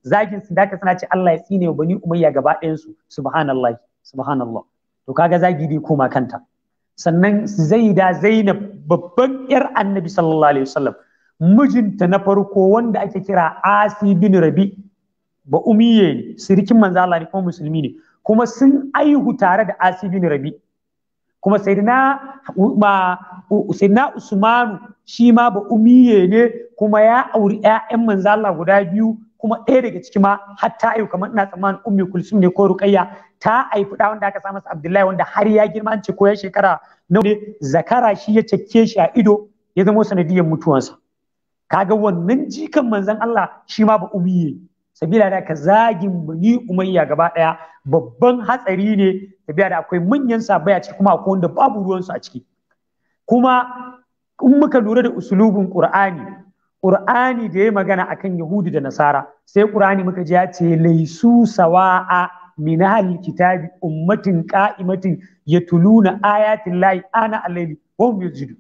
zagin su da ka ce Allah ya tsine wa bani umayya gaba ɗayan su subhanallahi subhanallah to kaga zagi dai koma kanta sannan zaida zainab babban yar annabi sallallahu alaihi wasallam mijinta na farko wanda ake kira asi bin rabi ba umiye ne sirikin manzo Allah ne kuma musulmi ne kuma sun aihu tare da asi bin rabi kuma sayyidina ma sayyidina usmanu shi ma ba umiye ne kuma ya auri ƴaƴan manzo Allah guda biyu kuma ɗaya daga ciki ma har ta haihu kamar ina tsammanin ummi kulsum ne ko ruqayya ta haifi da wanda aka sa masa abdullahi wanda har ya girma an ce ko ya shekara Na ne zakara shi ya cakke shi a ido ya zama sanadiyar mutuwansa kaga wannan jikan manzon Allah shi ma ba ummi sabila da ka zagin bani umayya gaba daya babban hatsari ne sabila da akwai manyan sabai a ciki kuma akwai wanda babu ruwansu a ciki kuma in muka lura da usulubin qur'ani Qur'ani da ya magana akan Yahudu da Nasara sai Qur'ani muka ji ya ce laisu sawa'a min kitabi ummatin qa'imatin yatuluna ayatin lahi ana alayli wa hum yusjidun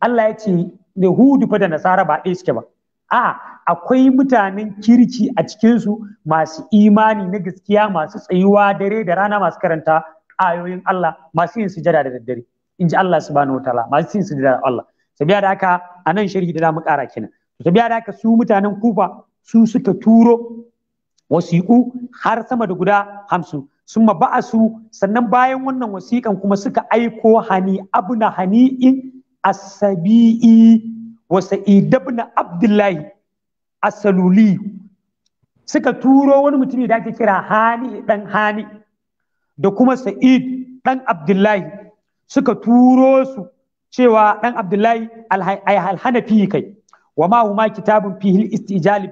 Allah ya ce Yahudu fa da Nasara ba ɗaya suke ba a akwai mutanen kirki a cikinsu masu imani na gaskiya masu tsayuwa dare da rana masu karanta ayoyin Allah masu yin sujada da daddare in ji Allah subhanahu wa ta'ala masu yin sujada Allah sabiya da haka anan sharhi da mu kara kenan biya da haka su mutanen kufa su suka turo wasiƙu har sama da guda hamsin sun ba'asu sannan bayan wannan wasiƙan kuma suka aiko hani abna hani'in asabi'i wa na abdullahi asaluli suka turo wani mutumi da ake kira hani dan hani da kuma sa'id dan abdullahi suka turo su cewa dan abdullahi alhanafi kai wa ma huma kitabun fihil istijali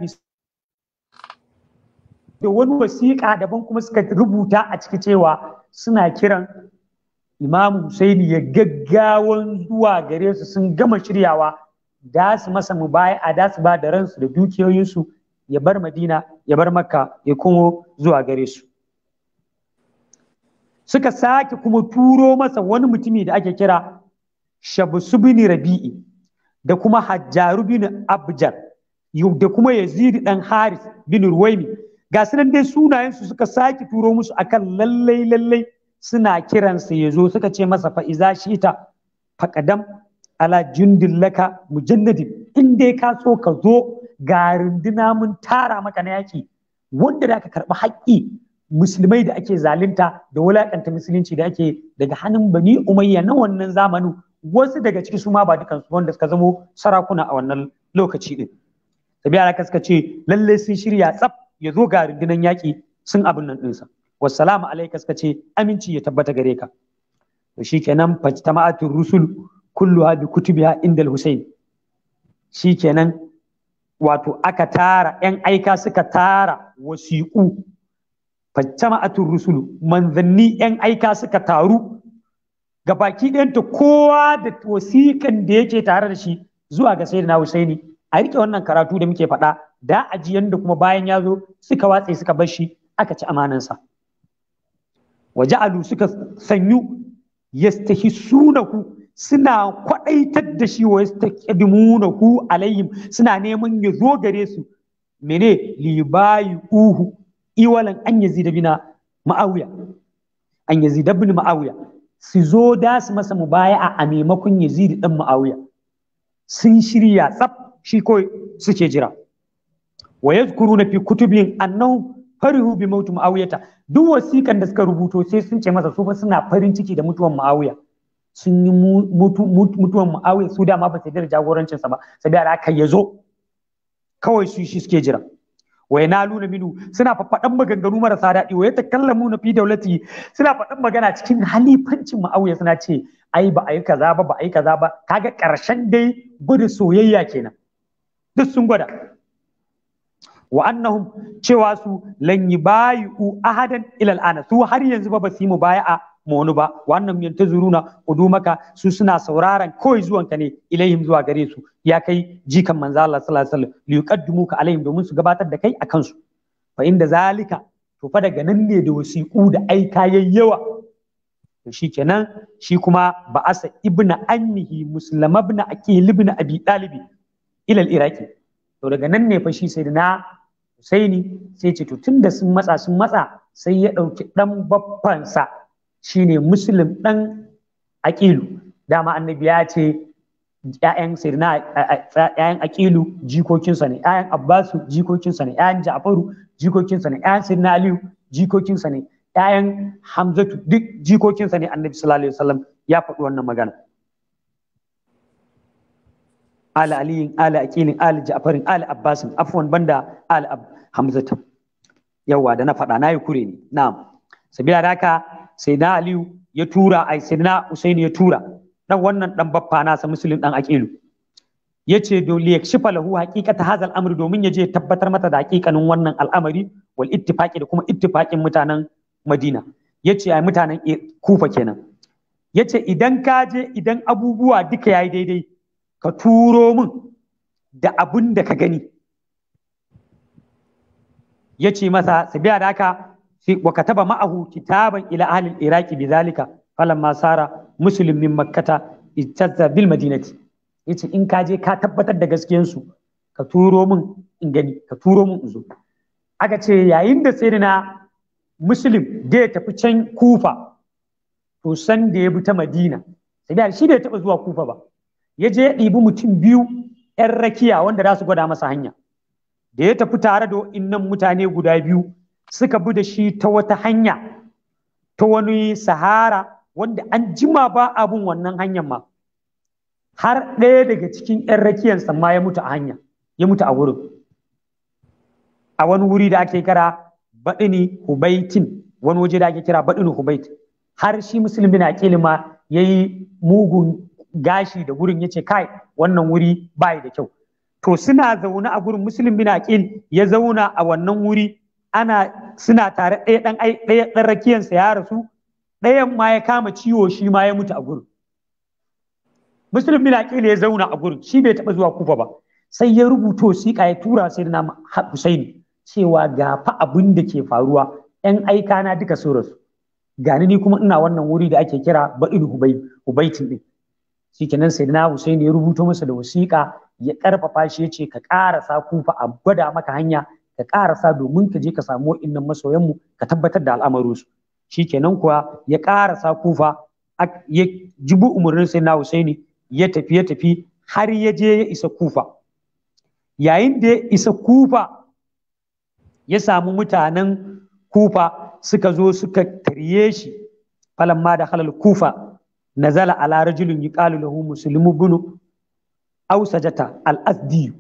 da wani wasiƙa daban kuma suka rubuta a ciki cewa suna kiran Imam Husaini ya gaggawan zuwa gare su sun gama shiryawa da su masa mubaya da su ba da ransu da dukiyoyinsu ya bar Madina ya bar Makka ya kuma zuwa gare su suka sake kuma turo masa wani mutumi da ake kira shabsubini Rabi'i da kuma hajjaru bin abjar da kuma yazid dan haris bin ruwaimi ga nan dai sunayensu suka sake turo musu akan lallai lallai suna kiransa ya zo suka ce masa fa'iza shi ta faƙadam ala jundin laka mujannadi in dai ka so ka zo ga rinduna mun tara maka na yaki, wanda da ka karɓi haƙƙi musulmai da ake zalunta da wulaƙanta musulunci da ake daga hannun bani umayya na wannan zamanin wasu daga ciki su ma ba dukansu wanda suka zamo sarakuna a wannan lokaci din tabi'a alaka suka ce lalle sun shirya tsaf ya zo ga rundunan yaƙi sun abin nan ɗinsa wassalamu alaika suka ce aminci ya tabbata gare ka to shikenan fajtama'atul rusul kulluha bi kutubiha indal husayn shikenan wato aka tara ‘yan aika suka tara wasiƙu faccama'atul rusul manzanni ‘yan aika suka taru ga baki ɗayanta kowa da wasiƙan da yake tare da shi zuwa ga sayyidina Husaini a rike wannan karatu da muke faɗa da a ji da kuma bayan ya zo suka watse suka bar shi aka ci amanansa Waje alu suka sanyu yastahisunahu suna kwaɗaitar da shi wa ku alaihim suna neman ya zo gare su mene libayi uhu iwalan an da bina ma'awiya an da bin ma'awiya su zo da su masa mubaya'a a maimakon Yazid din Muawiya sun shirya tsaf shi ko suke jira wa na fi kutubin annahu farihu bi mautu Muawiyata duk wasikan da suka rubuto sai sun ce masa su fa suna farin ciki da mutuwan Muawiya sun yi mutuwan Muawiya su dama ba su da jagorancin sa ba saboda haka ya zo kawai su shi suke jira Wai na nuna minu suna faɗan maganganu marasa daɗi Wai kalla mu na fi daulati suna faɗan magana cikin halifancin ma'auya suna ce ai ba ai kaza ba ba ai kaza ba kaga ƙarshen dai gudu soyayya kenan duk sun gwada wa annahum cewa su lan bayu ahadan ilal su har yanzu ba su yi mubaya'a mu wani ba wannan zuruna tazuruna maka su suna sauraron kawai zuwanka ne ilaihim zuwa gare su ya kai jikan manzo Allah sallallahu alaihi wasallam ka alaihim domin su gabatar da kai a kansu fa inda zalika to fa daga nan ne da wasiqu da aika yayyawa to shikenan shi kuma ba'asa ibnu annihi muslim ibn aqil ibn abi talib ila iraqi to daga nan ne fa shi sayyidina Husaini sai ce to tunda sun matsa sun matsa sai ya ɗauki ɗan baffansa shine muslim dan aqilu dama annabi ya ce ‘ya'yan sirna ‘ya'yan aqilu jikokinsa ne ‘ya'yan abbasu jikokinsa ne ‘ya'yan ja'faru jikokinsa ne ‘ya'yan sirna aliyu jikokinsa ne ‘ya'yan hamzatu duk jikokinsa ne annabi sallallahu alaihi wasallam ya faɗi wannan magana ala aliyin ala aqilin ala ja'farin ala abbasin afwan banda ala hamzatu yawa da na faɗa na yi kure ne na'am sabila da haka sai na aliyu ya tura ai sai na usaini ya tura dan wannan dan baffa nasa musulun dan aqilu yace do li yakshifa lahu haqiqata hadha amri domin yaje tabbatar mata da haqiqanin wannan al'amari wal ittifaqi da kuma ittifaqin mutanen Madina yace ai mutanen Kufa kenan yace idan ka je idan abubuwa duka yayi daidai ka turo min da abun da ka gani yace masa sabiya da haka wa kataba ma'ahu kitaban ila ahli iraqi bidhalika falamma sara muslim min makkata ittazza bil madinati yace in ka je ka tabbatar da gaskiyansu su ka turo min in gani ka turo min in zo aka ce yayin da na muslim da ya tafi can kufa to san da ya bi ta madina sai shi da ya taba zuwa kufa ba ya je ya ɗibi mutum biyu 'yan rakiya wanda za su gwada masa hanya da ya tafi tare da innan mutane guda biyu suka bi da shi ta wata hanya ta wani sahara wanda an jima ba abun wannan hanyar ma har ɗaya daga cikin 'yan rakiyarsa ma ya mutu a hanya ya mutu a wurin a wani wuri da ake kira baɗini hubaitin wani waje da ake kira baɗini hubaitin har shi musulmi na ma ya yi mugun gashi da gurin ce, kai wannan wuri bai da kyau to suna zaune a gurin musulmi na ya zauna a wannan wuri ana suna tare ɗaya ɗan ɗaya rakiyansa ya rasu ɗayan ma ya kama ciwo shi ma ya mutu a gurin musulmi bin aqil ya zauna a gurin shi bai taɓa zuwa kufa ba sai ya rubuta siƙa ya tura sai na husaini cewa ga fa abin da ke faruwa ‘yan aika na duka sun rasu gani ni kuma ina wannan wuri da ake kira ba'il hubaitin din kenan sai na husaini ya rubuto masa da wasiƙa ya ƙarfafa shi ya ce ka ƙarasa kufa a gwada maka hanya ka karasa domin ka je ka samu wa'innan masoyanmu ka tabbatar da al'amarinsu shikenan kuwa ya ƙarasa kufa ya jibu umarnin sai na Husaini ya tafi ya tafi har ya je ya isa kufa yayin da ya isa kufa ya samu mutanen kufa suka zo suka tarye shi ma da halal kufa nazala ala rajulin yuqalu lahu muslimu bunu ausajata al-asdiyu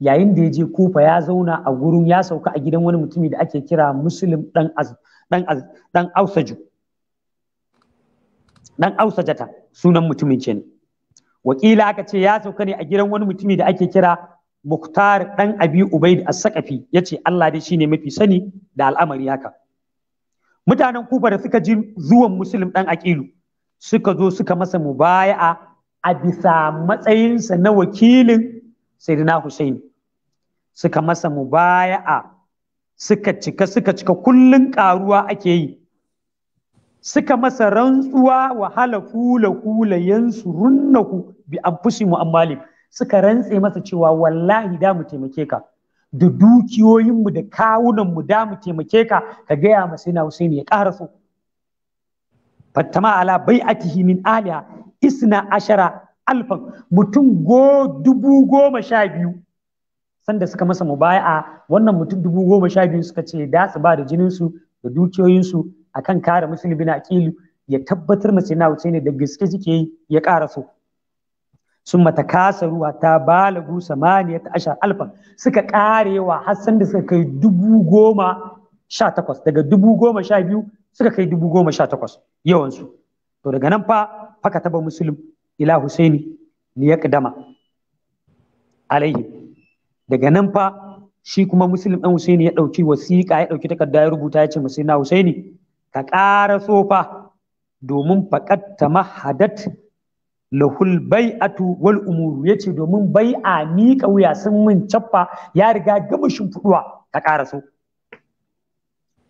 yayin da ya je kufa ya zauna a gurin ya sauka a gidan wani mutumi da ake kira muslim dan ausaju dan ausajata sunan mutumin ne wakila aka ce ya sauka ne a gidan wani mutumi da ake kira muktar dan abi ubaid as-saqafi yace Allah dai shine mafi sani da al'amari haka mutanen kufa da suka ji zuwan muslim dan aqilu suka zo suka masa mubaya'a a bisa matsayinsa na wakilin sayyidina Hussein suka masa mubaya'a suka cika suka cika kullun karuwa ake yi suka masa rantsuwa wa kula kula la runnaku bi anfusihim ammali suka rantse masa cewa wallahi da mu taimake ka da dukiyoyinmu da kawunanmu da mu taimake ka ka gaya masa na Husaini ya ƙara so fattama ala bai'atihi min aliha isna ashara alfan mutum go dubu goma sha biyu sanda suka masa mubaya'a wannan mutum dubu goma sha biyu suka ce da su ba da jininsu da dukiyoyinsu akan kare musulmi na aqilu ya tabbatar mace na wuce ne da gaske suke yi ya ƙara su, sun mata kasa ruwa ta balagu samaniya ta ashar alfan suka karewa har sanda suka kai dubu goma sha takwas daga dubu goma sha biyu suka kai dubu goma sha takwas yawansu to daga nan fa faka taba musulmi ila husaini ni ya kadama alaihi daga nan fa shi kuma muslim ɗan husaini ya ɗauki wasiƙa ya ɗauki takarda ya rubuta ya ce musai na husaini ka ƙara sofa domin faƙat ta mahadat lahul bai'atu wal umuru ya ce domin bai'a miƙa wuya sun min cappa ya riga gama shimfiɗuwa ka ƙara so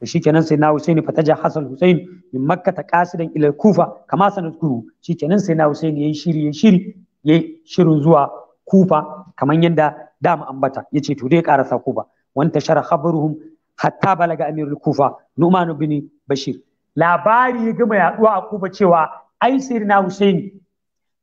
shi kenan sai na Husaini fataja Hassan Husain min Makka ta kasidan ila Kufa kama sanadkuru kenan sai na Husaini yayi shiri yayi shiri yayi shirin zuwa Kufa kaman yadda. da ambata yace to dai karasa kuba ta shara khabaruhum hatta balaga amirul kufa nu'man ibn bashir labari ya gama yaduwa a kuba cewa ai sirina husaini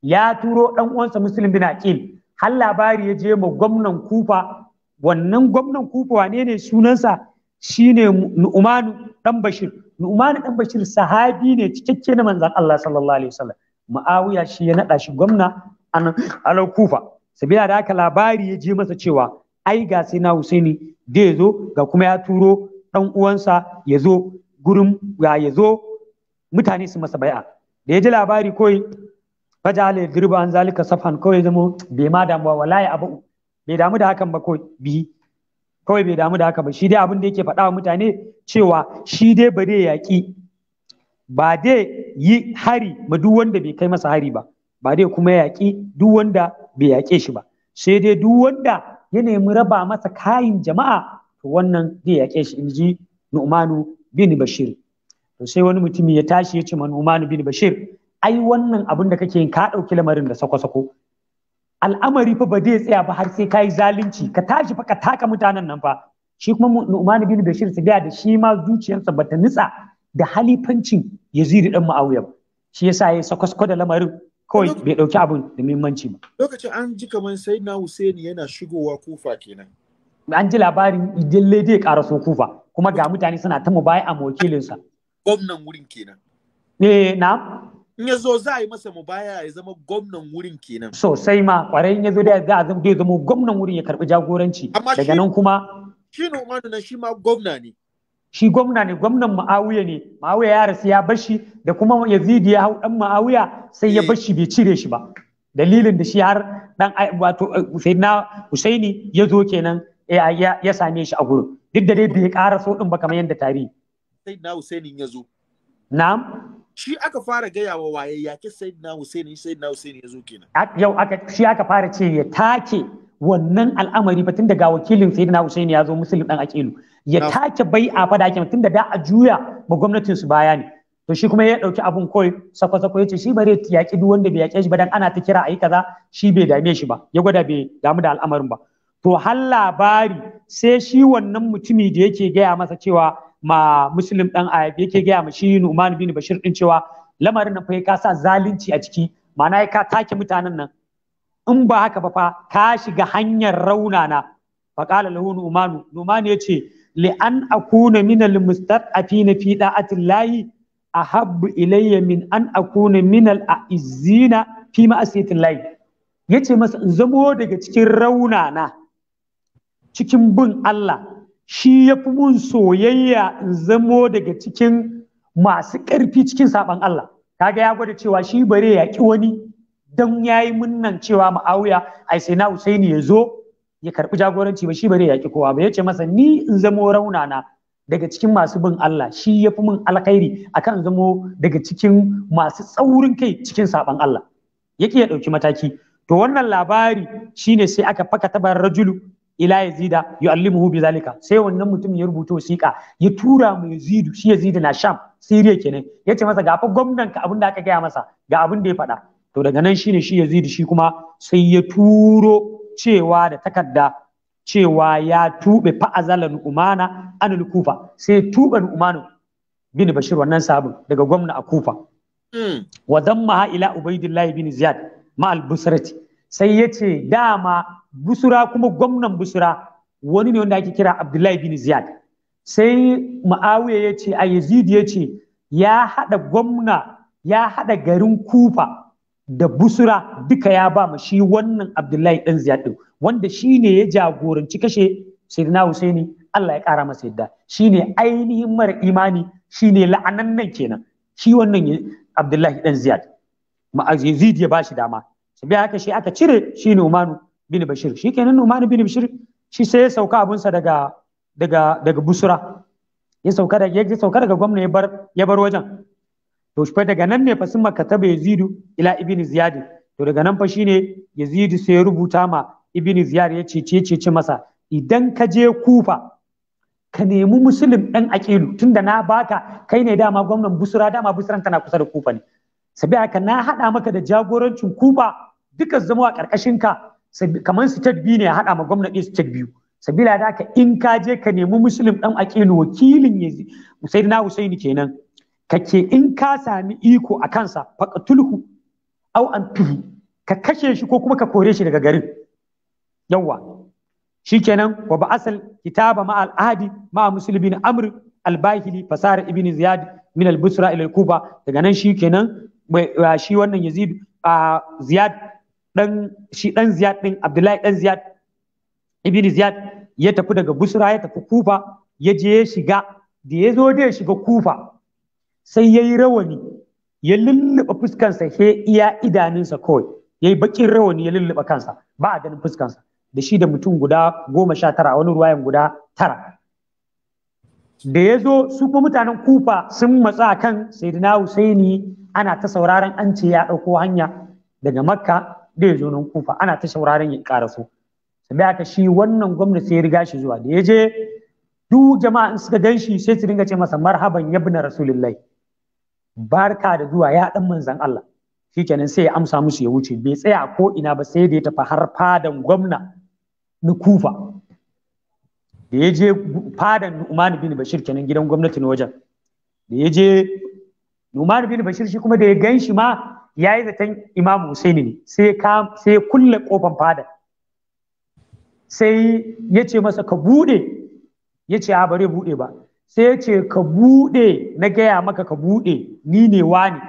ya turo dan uwansa muslim bin aqil har labari ya je ma gwamnan kufa wannan gwamnan kufa wane ne sunansa shine nu'man dan bashir nu'man dan bashir sahabi ne cikakke na manzan Allah sallallahu alaihi wasallam muawiya shi ya nada shi gwamna a kufa sabila da haka labari ya je masa cewa ai ga sai na Husaini da zo ga kuma ya turo dan uwansa ya zo gurin ga ya zo mutane su masa bai'a da ya ji labari kawai faja ala dirba an zalika safan kawai zama bai ma damuwa wallahi abu bai damu da hakan ba kawai bi kawai bai damu da haka ba shi dai abin da yake faɗa wa mutane cewa shi dai ba dai yaƙi ba dai yi hari ma duk wanda bai kai masa hari ba ba dai kuma yaƙi duk wanda bai yaƙe shi ba sai dai duk wanda ya nemi raba masa kayin jama'a to wannan zai yaƙe shi in ji Nu'manu bin Bashir to sai wani mutumi ya tashi ya ce ma Nu'manu bin Bashir ai wannan abin da kake yin ka ɗauki lamarin da sako-sako al'amari fa ba zai tsaya ba har sai ka yi zalunci ka tashi fa ka taka mutanen nan fa shi kuma nu'manu bin Bashir su da shi ma zuciyarsa bata nitsa da halifancin Yazid dan Muawiya shi yasa ya sako-sako da lamarin kawai bai dauki abin da muhimmanci ba lokacin an ji kamar sai na Husaini yana shigowa kufa kenan an ji labarin idan ya ƙara so kufa kuma ga mutane suna ta mubaya a mawakilinsa. gwamnan wurin kenan eh na in ya zo za a yi masa mubaya ya zama gwamnan wurin kenan sosai ma kwarai in ya zo da za a zama gwamnan wurin ya karbi jagoranci daga nan kuma shi ne umaru na shi ma gwamna ne shi gwamna ne gwamnan ma'awiya ne ma'awiya ya rasu ya bashi da kuma yazidi ya hau dan ma'awiya sai ya bashi bai cire shi ba dalilin da shi har dan wato eh, sayyidina husaini ya zo kenan ya same shi a gurin duk da dai bai ƙara so din ba kamar yadda tari sayyidina husaini ya zo na'am shi aka fara gaya wa waye yake sayyidina husaini sayyidina husaini ya zo kenan yau aka shi aka fara ce ya take wannan al'amari batun da daga wakilin sayyidina husaini ya zo musulun dan akilu ya take bai a fada kenan tunda da a juya ma gwamnatin su baya ne to shi kuma ya dauki abun koi sako sako ce shi bare yaki duk wanda bai yake shi ba dan ana ta kira ayi kaza shi bai dame shi ba ya gwada bai damu da al'amarin ba to har labari sai shi wannan mutumi da yake gaya masa cewa ma muslim dan ayab yake gaya ma shi Nu'man bin Bashir din cewa lamarin nan fa ya kasa zalunci a ciki ma'ana ya ka take mutanen nan in ba haka ba fa ka shiga hanyar raunana faqala lahu numanu Nu'man yace li'an akuna minal mustad'afina fi da'atillahi ahabbu ilayya min an akuna minal a'izzina fi ma'asiyatillahi yace masa in zamo daga cikin raunana cikin bin Allah shi ya fi mun soyayya in zamo daga cikin masu ƙarfi cikin saɓan Allah kaga ya gwada cewa shi bare ya ƙi wani don ya yi munnan cewa ma'auya ai sai na Husaini ya zo ya karbi jagoranci ba shi ba zai yaki kowa ba yace masa ni in zamo raunana daga cikin masu bin Allah shi ya fi min alkhairi akan zamo daga cikin masu tsaurin kai cikin saban Allah yake ya dauki mataki to wannan labari shine sai aka faka tabar rajulu ila yazida yu'allimuhu bizalika sai wannan mutum ya rubuta wasiƙa ya tura mu yazidu shi yazidu na sham siriya kenan yace masa ga fa gwamnan ka abin da aka gaya masa ga abin da ya faɗa to daga nan shine shi yazidu shi kuma sai ya turo cewa da takarda cewa ya tuɓe fa'azala nu'umana anil kufa sai tuɓe nu'umanu bin bashir wannan sabon daga gwamna a kufa hmm. wa damma ila ubaidillahi bin ziyad ma busrati sai ya ce dama busura kuma gwamnan busura wani ne wanda ake kira abdullahi bin ziyad sai ma'awiya ya ce a yazid ya ce ya haɗa gwamna ya haɗa garin kufa da busura duka ya ba mu shi wannan abdullahi dan ziyad din wanda ne ya jagoranci kashe sayyidina husaini Allah ya kara masa yadda shine ainihin mara imani shine la'anannan kenan shi wannan abdullahi dan ziyad yazid ya bashi dama sai haka shi aka cire shi ne umanu bin Bashir shi kenan umanu bin Bashir shi sai ya sauka abunsa daga daga daga Busura ya sauka daga ya sauka daga gwamna ya bar ya bar wajen to fa daga nan ne fa sun makataba yazidu ila ibn ziyad to daga nan fa shine yazidu sai ya rubuta ma ibn ziyad ya ce ce ce masa idan ka je kufa ka nemi musulun dan aqilu tunda na baka kai ne dama gwamnan busra dama busran tana kusa da kufa ne sabi haka na hada maka da jagorancin kufa duka zama a karkashin ka kamar su biyu ne ya hada ma gwamnati su biyu sabila da haka in ka je ka nemi muslim dan aqilu wakilin sai na husaini kenan kake in ka sami iko a kansa au an tuhu ka kashe shi ko kuma ka kore shi daga garin yawwa shikenan wa ba asal kitaba ma al ahdi ma muslimin amr al bahili fasara ibn ziyad min al busra ila al kuba daga nan shikenan shi wannan yazid ziyad dan shi dan ziyad din abdullahi dan ziyad ibn ziyad ya tafi daga busra ya tafi kufa ya je ya shiga da ya zo da ya shiga kufa sai ya yi rawani ya lulluɓa fuskansa he iya idanunsa kawai ya yi baƙin rawani ya lulluɓa kansa ba a ganin fuskansa da shi da mutum guda goma sha tara a wani ruwayan guda tara da ya zo su kuma mutanen kufa sun matsa kan sayyidina husaini ana ta sauraron an ce ya ɗauko hanya daga makka da ya zo nan kufa ana ta sauraron ya ƙaraso sai haka shi wannan gwamnati sai ya riga shi zuwa da ya je duk jama'an suka ganshi sai su dinga ce masa marhaban yabna rasulullahi barka da zuwa ya dan manzan Allah shikenan sai ya amsa musu ya wuce bai tsaya ko ina ba sai da ya tafi har fadan gwamna na kufa da ya je fadan Numan bin Bashir kenan gidan gwamnati na wajen da ya je Numan bin Bashir shi kuma da ya gan shi ma ya yi zaton Imam Husaini ne sai ka sai kulle kofan fadan sai ya ce masa ka bude ya ce a bare bude ba sai ce ka buɗe na gaya maka ka buɗe ni ne wani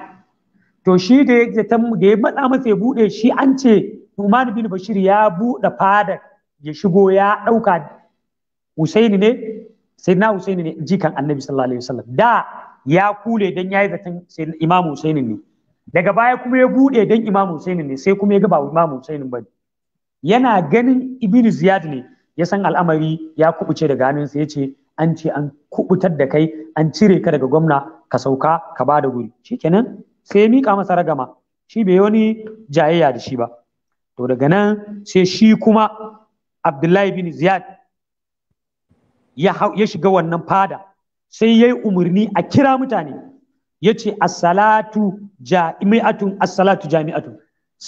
to shi da ya matsa masa ya buɗe shi an ce Numan bin Bashir ya buɗe fadar ya shigo ya ɗauka Usaini ne sai na Usaini ne jikan Annabi sallallahu alaihi wasallam da ya kule dan yayi zaton sai Imam Usaini ne daga baya kuma ya buɗe dan Imam Usaini ne sai kuma ya ga ba Imam Usaini bane yana ganin Ibn Ziyad ne ya san al'amari ya kubuce daga hannunsa ya ce an ce an kubutar da kai an cire ka daga gwamna ka sauka ka ba da guri shikenan sai ya mika masa ragama shi bai wani jayayya da shi ba to daga nan sai shi kuma abdullahi bin ziyad ya ya shiga wannan fada sai yayi yi umarni a kira mutane ya ce assalatu jami'atun as-salatu jami'atun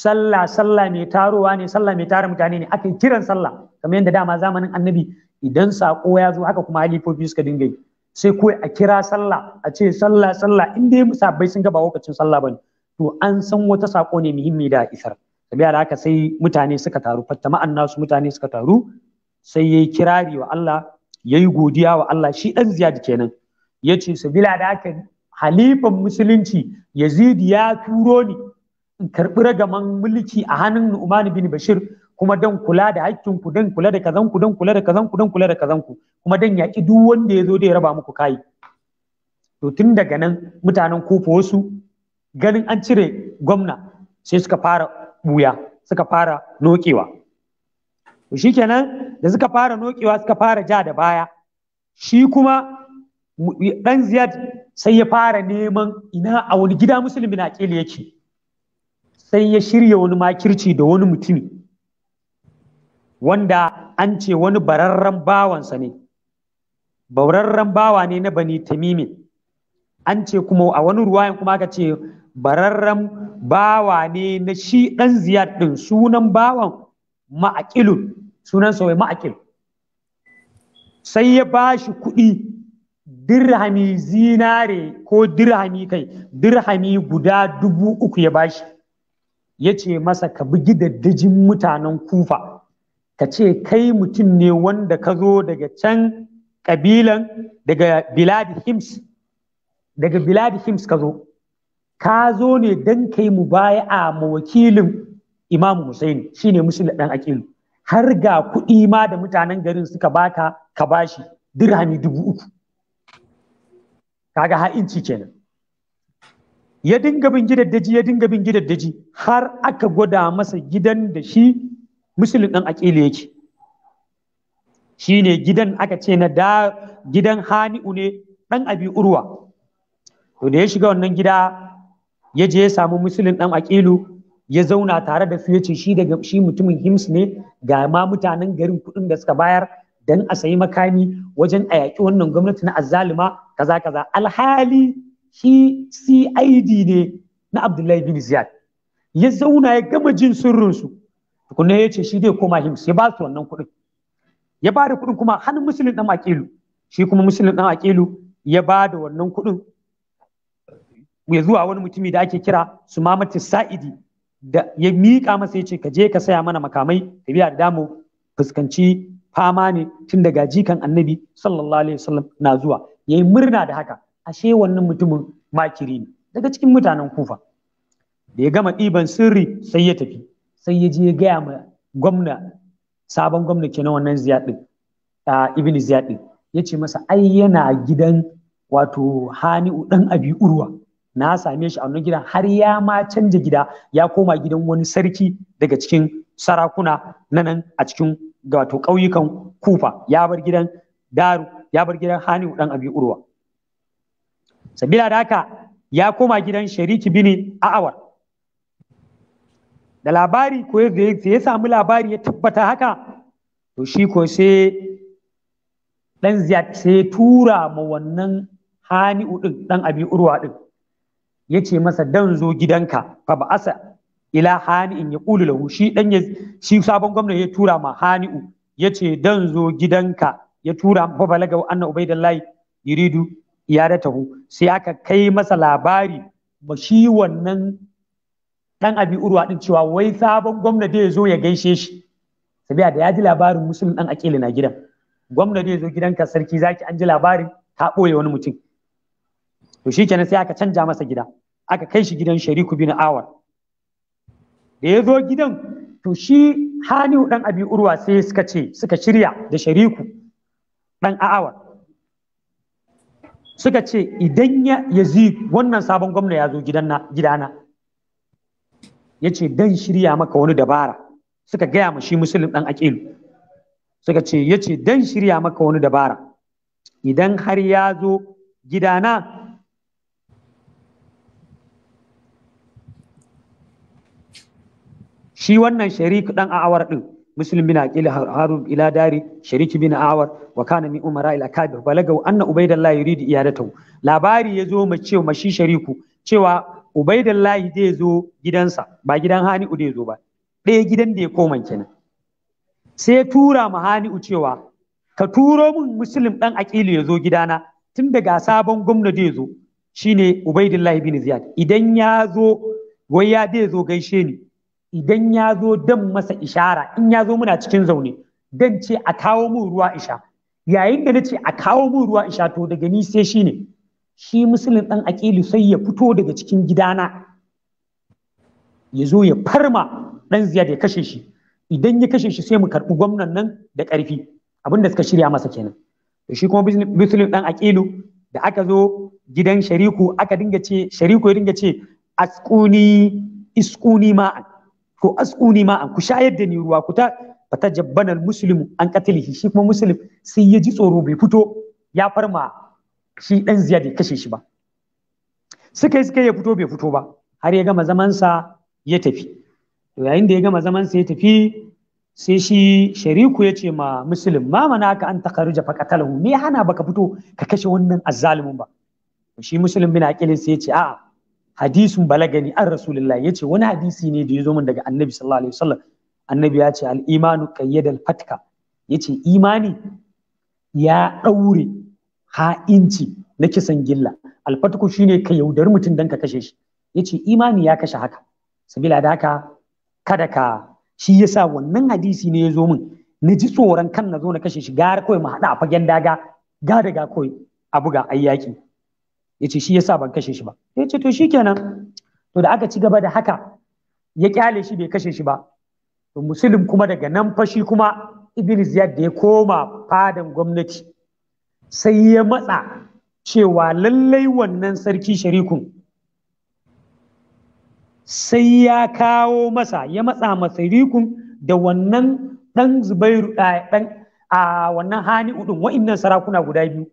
sallah sallah mai tarowa ne sallah mai tara mutane ne akan kiran sallah kamar yadda dama zamanin annabi idan sako ya zo haka kuma halifofi suka dinga yi sai kawai a kira sallah a ce sallah sallah in dai musabbai sun gaba lokacin sallah bane to an san wata sako ne muhimmi da isar sabiya da haka sai mutane suka taru fattama nasu mutane suka taru sai yayi kirari wa Allah yayi godiya wa Allah shi dan ziyad kenan yace sabila da haka halifan musulunci Yazid ya turo ni in karbi ragaman mulki a hannun Umar bin Bashir kuma dan kula da hakkin ku dan kula da kazan ku dan kula da kazan ku dan kula da kazan kuma dan yaki duk wanda ya zo da ya raba muku kai to tun daga nan mutanen kofa wasu ganin an cire gwamna sai suka fara buya suka fara nokewa to shikenan da suka fara nokewa suka fara ja da baya shi kuma dan ziyad sai ya fara neman ina a wani gida musulmi na yake sai ya shirya wani makirci da wani mutumi wanda an ce wani bararren bawansa ne bararren bawa ne na bani tamimi an ce kuma a wani ruwayan kuma aka ce bararren bawa ne na shi ɗan ziyad ɗin sunan bawan ma'akilun sunan sauye ma'akil sai ya ba shi kuɗi dirhami zinare ko dirhami kai dirhami guda dubu uku ya bashi ya ce masa ka bugi da dajin mutanen kufa ka ce kai mutum ne wanda ka zo daga can ƙabilan daga biladi hims daga biladi hims ka zo ka zo ne don kai mu mubaya a wakilin imamu Hussein shine musulun Ɗan akilu har ga kuɗi ma da mutanen garin suka baka ka bashi dirhami dubu uku kaga ha'inci kenan ya dinga bin gidaddaji ya dinga bin gidaddaji har aka gwada masa gidan da shi musulun ɗan aƙili yake ne gidan aka ce na da gidan hani'u ne ɗan abi urwa to da ya shiga wannan gida ya je ya samu musulun ɗan aƙilu ya zauna tare da su ya ce shi daga shi mutumin hims ne ga ma mutanen garin kuɗin da suka bayar dan a sayi makami wajen a yaƙi wannan gwamnati na azzalima kaza kaza alhali shi CID ne na Abdullahi bin Ziyad ya zauna ya gama jin sirrinsu tukunna ya ce shi zai koma hims ya ba su wannan kuɗin ya ba da kuɗin kuma hannun musulun ɗan aƙilu shi kuma musulun ɗan aƙilu ya ba da wannan kuɗin ya zuwa wani mutumi da ake kira su sumamatu sa'idi da ya miƙa masa ya ce ka je ka saya mana makamai ka biya da damu fuskanci fama ne tun daga jikan annabi sallallahu alaihi wasallam na zuwa yayi murna da haka ashe wannan mutumin makiri ne daga cikin mutanen kufa da ya gama ɗiban sirri sai ya tafi sai ya je ya gaya ma gwamna sabon gwamna kenan wannan ziyad din ibn ziyad din ya ce masa ai yana gidan wato hani'u ɗan abi urwa na same shi a wannan gidan har ya ma canja gida ya koma gidan wani sarki daga cikin sarakuna na nan a cikin wato ƙauyukan kufa ya bar gidan daru ya bar gidan hani'u dan abi urwa sabila da haka ya koma gidan shariki bini a'awar da labari ko ya samu labari ya tabbata haka to shi ko sai dan ziyad sai tura ma wannan hani'u din dan abi urwa din ya ce masa dan zo gidanka fa ba asa ila hani'in ya ƙulu lahu shi dan ya shi sabon gwamna ya tura ma hani'u ya ce dan zo gidanka ya tura fa balaga anna ubaidallahi yuridu hu. sai aka kai masa labari ba shi wannan dan abi urwa din cewa wai sabon gwamna da ya zo ya gaishe shi sabiya da ya ji labarin musulun dan akili na gidan gwamna da ya gidan ka sarki zaki an ji labarin ta ɓoye wani mutum to shi sai aka canja masa gida aka kai shi gidan shariku bin awar da ya zo gidan to shi haniu dan abi urwa sai suka ce suka shirya da shariku dan awar suka ce idan ya yazi wannan sabon gwamna ya zo gidana yace dan shirya maka wani dabara suka gaya ma shi musulun dan aqilu suka ce yace dan shirya maka wani dabara idan har ya zo gidana shi wannan shariku dan awar din muslim bin aqil harub ila dari sharik bin awar wa kana min umara ila kabir balagau anna ubaydallah yuridu iyadatu labari yazo ma cewa shi shariku cewa Ubaidullahi zai zo gidansa ba gidan Hani'u zai zo ba ɗaya gidan da ya koma kenan sai tura ma Hani'u cewa ka turo min musulun ɗan aƙilu ya zo gidana tun daga sabon gwamna zai zo shine Ubaidullahi bin Ziyad idan ya zo wai ya zai zo gaishe ni idan ya zo dan masa ishara in ya zo muna cikin zaune dan ce a kawo min ruwa isha yayin da nace a kawo min ruwa isha to daga ni sai shine shi musulun ɗan aƙilu sai ya fito daga cikin gidana ya zo ya farma ɗan ziyad ya kashe shi idan ya kashe shi sai mu karɓi gwamnan nan da ƙarfi abin da suka shirya masa kenan to shi kuma musulun ɗan aƙilu da aka zo gidan shariku aka dinga ce shariku ya dinga ce asquni isquni ma'an ko asquni ma'an ku shayar da ni ruwa ku ta fata jabbanal muslimu an qatilihi shi kuma muslim sai ya ji tsoro bai fito ya farma shi ɗan ziyad ya kashe shi ba suka yi suka ya fito bai fito ba har ya gama zamansa ya tafi to yayin da ya gama zamansa ya tafi sai shi shariku ya ce ma musulun ma mana ka an takarruja fakatalahu me hana baka fito ka kashe wannan azzalumin ba shi musulun bin aqil sai ya ce a'a hadisun balagani an rasulullahi ya ce wani hadisi ne da ya zo min daga annabi sallallahu alaihi wasallam annabi ya ce al-imanu qayyadal fatka ya ce imani ya ɗaure ha'inci na kisan gilla alfatku shine ka yaudari mutum dan ka kashe shi yace imani ya kashe haka sabila da haka kada ka shi yasa wannan hadisi ne ya zo min na ji tsoron kan na zo na kashe shi gara kawai mu haɗa a fagen daga ga daga kawai a buga ai yaki yace shi yasa ban kashe shi ba yace to shikenan to da aka ci gaba da haka ya kyale shi bai kashe shi ba to musulun kuma daga nan fashi kuma ibn ziyad da ya koma fadan gwamnati sai ya matsa cewa lallai wannan sarki sharikun sai ya kawo masa ya matsa masa rikun da wannan ɗan zubairu dan a wannan hani udun wa'innan sarakuna guda biyu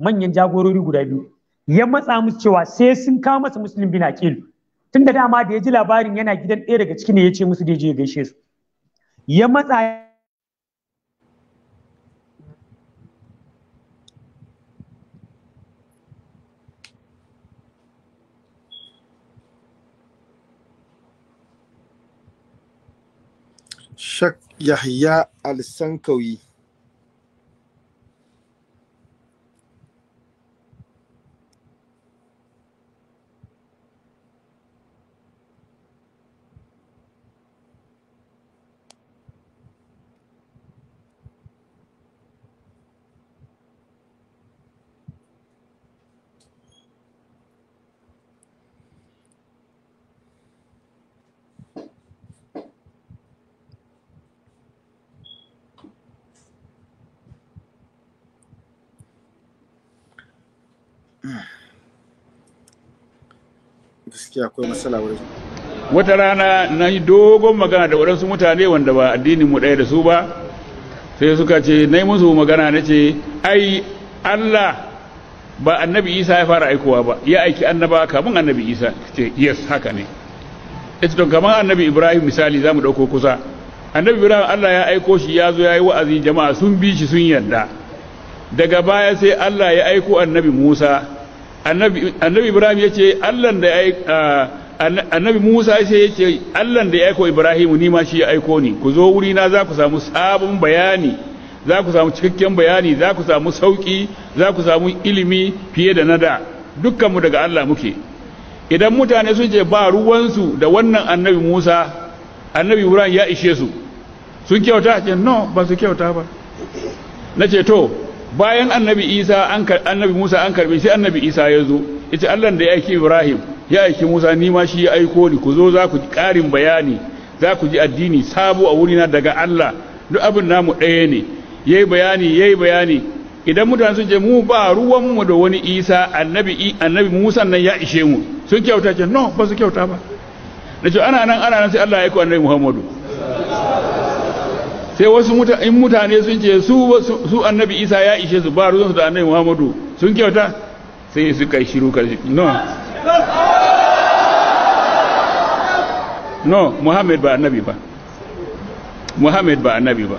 manyan jagorori guda biyu ya matsa musu cewa sai sun kawo masa musulun bin aqil tunda dama da ya ji labarin yana gidan ɗaya daga ciki ne ya ce musu da ya je gaishe su ya matsa Shak Yahya Al-Sankawi gaskiya akwai matsala wurin wata rana na yi dogon magana da waɗansu mutane wanda ba addinin mu ɗaya da su ba sai suka ce na yi musu magana na ce ai Allah ba annabi Isa ya fara aikowa ba ya aiki annaba kamun annabi Isa ce yes haka ne ita don kamar annabi Ibrahim misali za mu ɗauko kusa annabi Ibrahim Allah ya aiko shi ya zo ya yi wa'azi jama'a sun bi shi sun yarda daga baya sai Allah ya aiko annabi Musa annabi ibrahim ya ce allan da annabi musa sai ya ce allan da ya aiko ibrahim ni ma shi ya aiko ni ku zo wuri na za ku samu sabon bayani za ku samu cikakken bayani za ku samu sauki za ku samu ilimi fiye da na da dukkanmu daga allah muke idan mutane sun ce ba ruwansu da wannan annabi musa annabi ibrahim ya ishe su sun kyauta ce no ba su kyauta ba na ce to bayan annabi isa annabi musa an karbe sai annabi isa ya zo ce allah da ya aiki ibrahim ya aiki musa ni ma shi ya aiko ni ku zo za ku ji ƙarin bayani za ku ji addini sabo a wurina daga allah duk abin namu ɗaya ne ya yi bayani ya yi bayani idan mutane sun ce mu ba ruwanmu da wani isa annabi annabi musa nan ya ishe mu sun kyauta ce no ba su kyauta ba nace ce ana nan ana nan sai allah ya aiko annabi muhammadu sai wasu in mutane sun ce su annabi isa ya ishe su ba ruwansu da annabi muhammadu sun kyauta sai su kai shiru karshe no no muhammad ba annabi ba muhammad ba annabi ba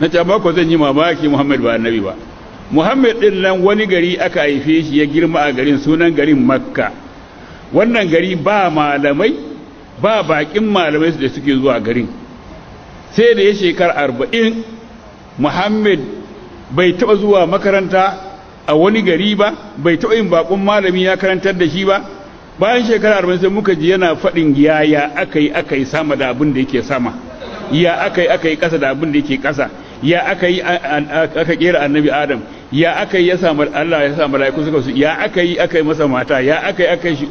na ce ba zan yi mamaki muhammad ba annabi ba muhammad din nan wani gari aka haife shi ya girma a garin sunan garin makka wannan gari ba malamai ba bakin malamai da suke zuwa garin sai da ya shekar arba'in muhammad bai taɓa zuwa makaranta a wani gari ba bai taɓa yin baƙon malami ya karantar da shi ba bayan shekara arba'in sai muka ji yana faɗin ya aka yi aka yi sama da abin da yake sama ya aka yi aka yi ƙasa da abin da yake ƙasa ya aka yi aka ƙera annabi adam ya aka yi ya samu Allah ya samu mala'iku suka su ya aka yi aka yi masa mata ya aka yi aka yi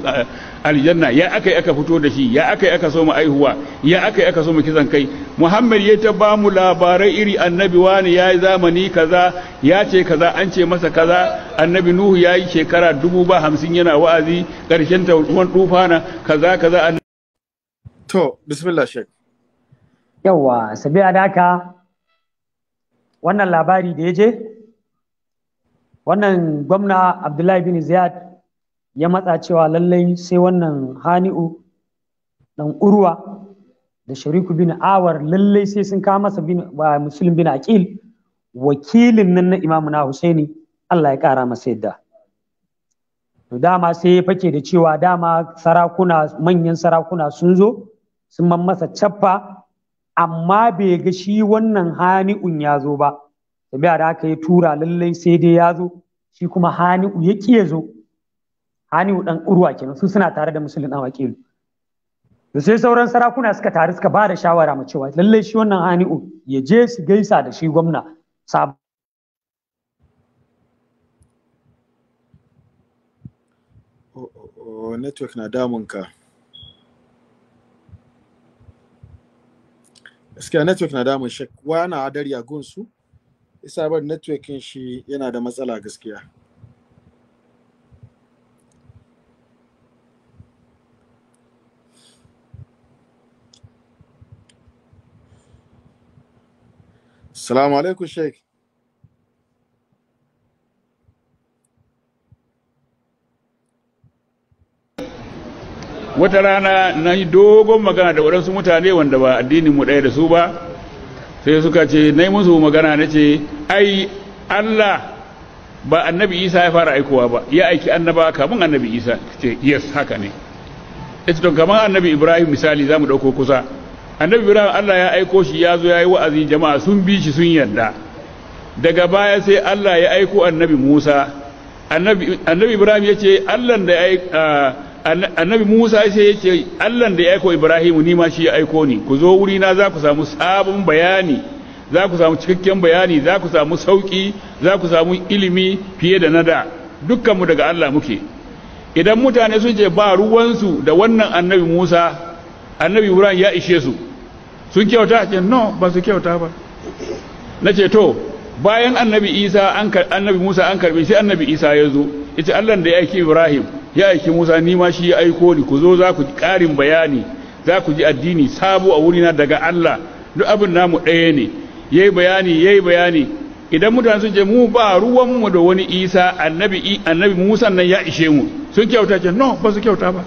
aljanna ya aka yi aka fito da shi ya aka yi aka so mu aihuwa ya aka yi aka so mu kisan kai Muhammad ya ta ba mu labarai iri annabi wani ya yi zamani kaza ya ce kaza an ce masa kaza annabi Nuhu ya yi shekara dubu ba hamsin yana wa'azi ƙarshen ta ruwan tufana kaza kaza to bismillah shek yawa sabiya da haka wannan labari da ya je wannan gwamna abdullahi bin ziyad ya matsa cewa lallai sai wannan hani'u dan urwa da shariku bin awar lallai sai sun kama masa musulun bin aqil wakilin nan na imamu na husaini allah ya kara masa yadda to dama sai ya fake da cewa dama sarakuna manyan sarakuna sun zo sun man masa cappa amma bai ga shi wannan hani'un ya zo ba tabi da aka yi tura lallai sai dai ya zo shi kuma hani'u ya ƙi ya zo hani'u dan urwa kenan su suna tare da musulun dan wakilu da sai sauran sarakuna suka taru suka ba da shawara mu cewa lallai shi wannan hani'u ya je su gaisa da shi gwamna sabon network na damunka gaskiya network na damun shek wana adari a gunsu isa ban networking shi yana da matsala gaskiya Salamu alaikum Sheikh. Wata rana na yi dogon magana da waɗansu mutane wanda ba addinin mu ɗaya da su ba, sai suka ce yi musu magana na ce ai Allah ba annabi Isa ya fara aikowa ba ya aiki annaba kamun annabi Isa ce yes haka ne ita don kamar annabi Ibrahim misali za mu ɗauko kusa annabi Ibrahim Allah ya aiko shi ya zo ya yi wa'azi jama'a sun bi shi sun yarda daga baya sai Allah ya aiko annabi Musa annabi Ibrahim ya ce Allah da ya ah, annabi Musa ce ya ce Allah da ya aiko Ibrahimu ni ma shi ya aiko ni ku zo wuri na za ku samu sabon bayani za ku samu cikakken bayani za ku samu sauki za ku samu ilimi fiye da nada dukkanmu daga Allah muke idan mutane sun ce ba ruwansu da wannan annabi Musa annabi Ibrahim ya ishe su sun kyauta ce no ba su kyauta ba na ce to bayan annabi Isa annabi Musa an karbe shi annabi Isa ya zo yace Allah da ya aiki Ibrahim ya aiki Musa ni ma shi ya aiko ni ku zo za ku ji ƙarin bayani za ku ji addini sabo a wurina daga Allah duk abin namu ɗaya ne yayi bayani yayi bayani idan mutane sun ce mu ba ruwan mu da wani Isa annabi annabi Musa nan ya ishe mu sun kyauta ce no ba su kyauta ba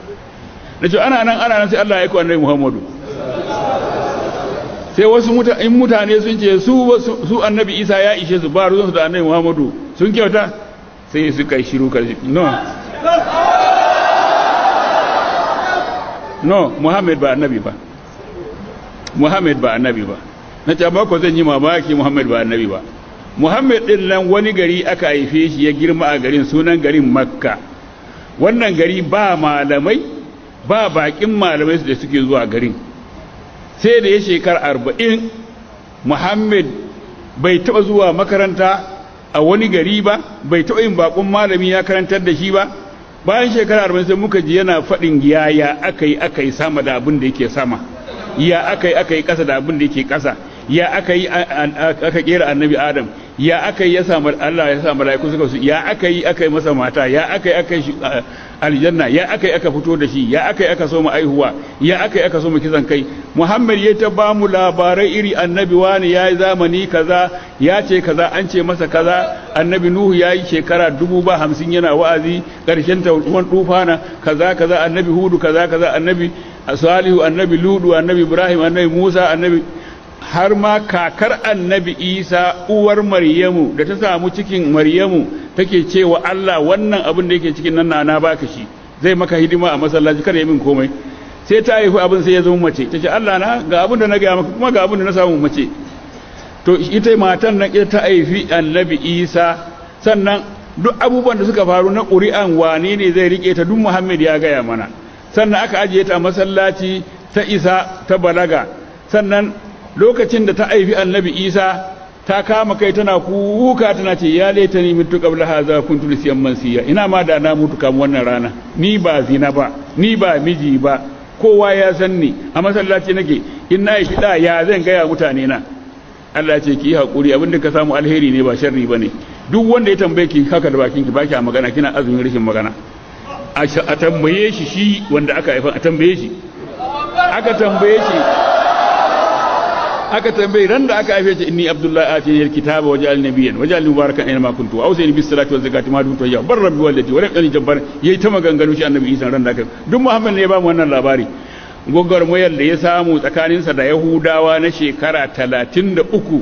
nace ana nan ana nan sai Allah ya aiko annabi Muhammadu sai wasu in mutane sun ce su annabi Isa ya ishe su ba ruwan su da annabi Muhammadu sun kyauta sai suka shiru karshe no no muhammad ba annabi ba muhammad ba annabi ba na ce ba ko zan yi mamaki muhammad ba annabi ba muhammad din nan wani gari aka haife shi ya girma a garin sunan garin makka wannan gari ba malamai ba bakin malamai da suke zuwa garin sai da ya shekar arba'in muhammad bai taba zuwa makaranta a wani gari ba bai taɓa yin bakon malami ya karantar da shi ba bayan shekara arba'in sai muka ji yana faɗin ya aka yi aka yi sama da abin da yake sama ya aka yi aka yi ƙasa da abin da yake ƙasa ya aka yi aka kera annabi adam ya aka yi ya samu Allah ya samu mala'iku suka su ya aka yi aka yi masa mata ya aka yi aka yi aljanna ya aka yi aka fito da shi ya aka yi aka so mu aihuwa ya aka yi aka so mu kisan kai Muhammad ya ta ba mu labarai iri annabi wani ya yi zamani kaza ya ce kaza an ce masa kaza annabi Nuhu ya yi shekara dubu ba hamsin yana wa'azi ƙarshen ruwan tufana kaza kaza annabi Hudu kaza kaza annabi Salihu annabi Ludu annabi Ibrahim annabi Musa annabi har ma kakar annabi isa uwar maryamu da ta samu cikin maryamu take cewa allah wannan abin da yake cikin nan na na baka shi zai maka hidima a masallaci kada ya min komai sai ta haifi abin sai ya zama mace ta ce allah na ga abin da na gaya maka kuma ga abin da na samu mace to ita matan nan ita ta aifi annabi isa sannan duk abubuwan da suka faru na ƙuri'an wane ne zai rike ta duk muhammad ya gaya mana sannan aka ajiye ta a masallaci ta isa ta balaga sannan lokacin da ta aifi annabi isa ta kama kai tana kuka tana ce ya laita ni mutu kun hadha kuntu lisiyan mansiya ina ma da na mutu kam wannan rana ni ba zina ba ni ba miji ba kowa ya san ni a masallaci nake in na yi da ya zan gaya mutane na Allah ce ki hakuri abin da ka samu alheri ne ba sharri bane duk wanda ya tambaye ki haka da bakin ki baki a magana kina azumin rashin magana a tambaye shi shi wanda aka aifan a tambaye shi aka tambaye shi aka tambayi ran da aka haife ta inni abdullahi atini waje waja'al nabiyyan waja'al mubarakan aina ma kuntu wa usayni bis salati waz zakati ma dumtu ya bar rabbi wallati wa rabbi jabbar yayi ta maganganu shi annabi isa ran da aka duk muhammad ne ya ba mu wannan labari mu da ya samu tsakaninsa da yahudawa na shekara talatin da uku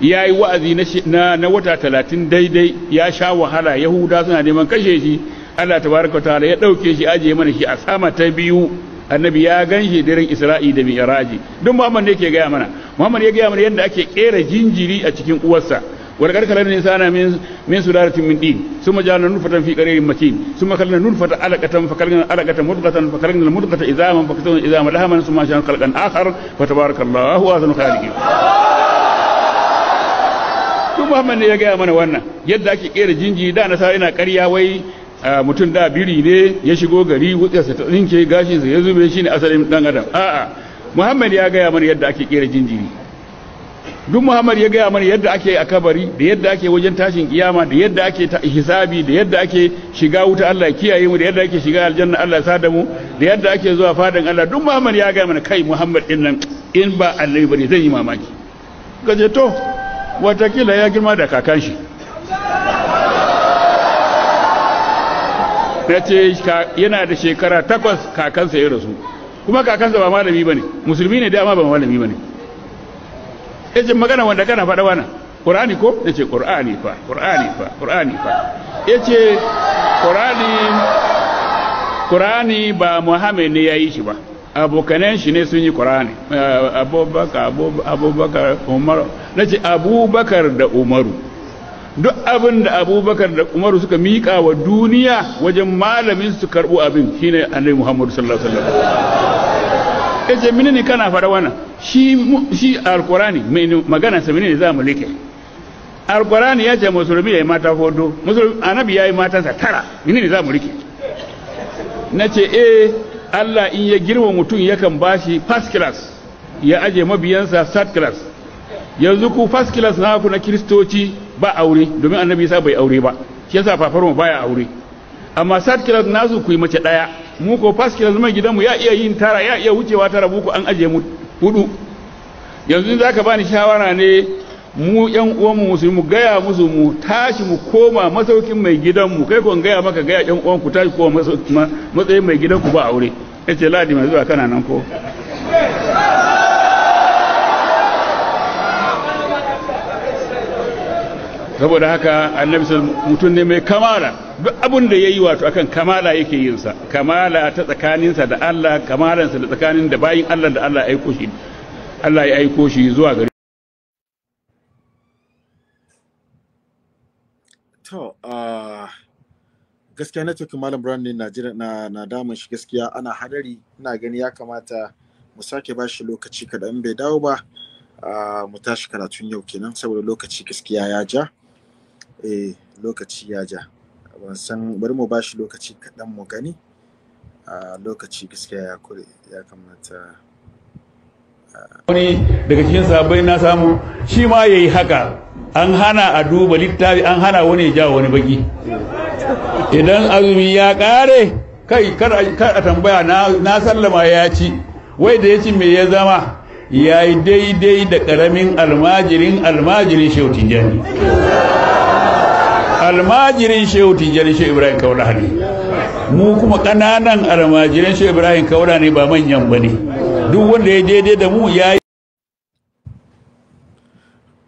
ya yi wa'azi na wata talatin daidai ya sha wahala yahuda suna neman kashe shi allah tabaraka ta'ala ya ɗauke shi ajiye mana shi a sama ta biyu annabi ya ganshi dirin isra'i da mi'raji duk muhammad ne ke gaya mana muhammad ya gaya mana yadda ake kera jinjiri a cikin uwarsa wa da karkar da nisa na min sularatin min din Suma maja na nufatan fi karerin makin Suma makar na nufata alakatan fa karnin alakatan mutukatan fa karnin mutukata izaman fa kasan izaman lahaman su ma shan kalkan akhar fa tabarakallahu wa zanu khaliqi to muhammad ne ya gaya mana wannan yadda ake kera jinji da na sa ina ƙarya wai mutum da biri ne ya shigo gari wutsa ta tsinke gashin sa ya zube shi ne asalin dan adam a'a muhammad ya gaya mana yadda ake kera jinjiri duk muhammad ya gaya mana yadda ake a kabari da yadda ake wajen tashin kiyama da yadda ake hisabi da yadda ake shiga wuta Allah ya kiyaye mu da yadda ake shiga aljanna Allah ya sada mu da yadda ake zuwa fadan Allah duk muhammad ya gaya mana kai muhammad din nan in ba Allah bane zan yi mamaki gaje to watakila ya girma da kakan shi na ce yana da shekara takwas kakansa ya rasu kuma kakansa ba malami ba ne musulmi ne dama ba malami ba ne yajin magana wanda kana faɗa wana ƙur'ani ko ya ce fa ƙur'ani fa ƙur'ani fa ya ce ƙur'ani ba muhammed ne ya yi shi ba abokanen shi ne sun yi ƙur'ani eh, abubakar abubakar umar na ce abubakar da umaru duk abin da abubakar da umaru suka miƙa wa duniya wajen malamin su karɓo abin shine annabi muhammadu sallallahu alaihi wasallam ce mini ne kana fara wannan shi shi alqurani mai magana sa mini ne za mu leke alqurani ya ce musulmi yayi mata hodo musulmi annabi yayi mata sa tara mini ne za mu rike nace eh Allah in ya girma mutum yakan bashi first class ya aje mabiyansa third class yanzu ku first class na ku na kiristoci ba aure domin annabi isa bai aure ba shi yasa fafar mu baya aure amma third nasu ku yi mace daya mu ko first mai gidanmu ya iya yin tara ya iya wucewa tara buku an aje mu hudu yanzu za ka bani shawara ne mu yan mu musulmi mu gaya musu mu tashi mu koma masaukin mai gidanmu kai an gaya maka gaya yan ku tashi koma masaukin mai gidanku ba aure yace ladi mai zuwa kana nan ko saboda haka annabi mutum ne mai kamala duk abin da ya yi wato akan kamala yake yin sa kamala ta tsakaninsa da Allah kamalansa da tsakanin da bayin Allah da Allah ya aiko shi Allah ya aiko shi zuwa gari to gaskiya na tafi malam brand na jira na na damun shi gaskiya ana hadari ina gani ya kamata mu sake ba shi lokaci kadan bai dawo ba mu tashi karatun yau kenan saboda lokaci gaskiya ya ja eh lokaci ya ja ban san bari mu bashi lokaci kaɗan mu gani a lokaci gaskiya ya kure ya kamata wani daga cikin sabai na samu shi ma ya yi haka an hana a duba littafi an hana wani ja wani baki idan azumi ya ƙare kai kar a tambaya na sallama ya ci wai da ya ci me ya zama ya yi daidai da ƙaramin almajirin almajirin shautin jani almajirin shehu tijjani shehu ibrahim kaula ne mu kuma kananan almajirin shehu ibrahim kaula ne ba manyan ba ne duk wanda ya daidai da mu ya yi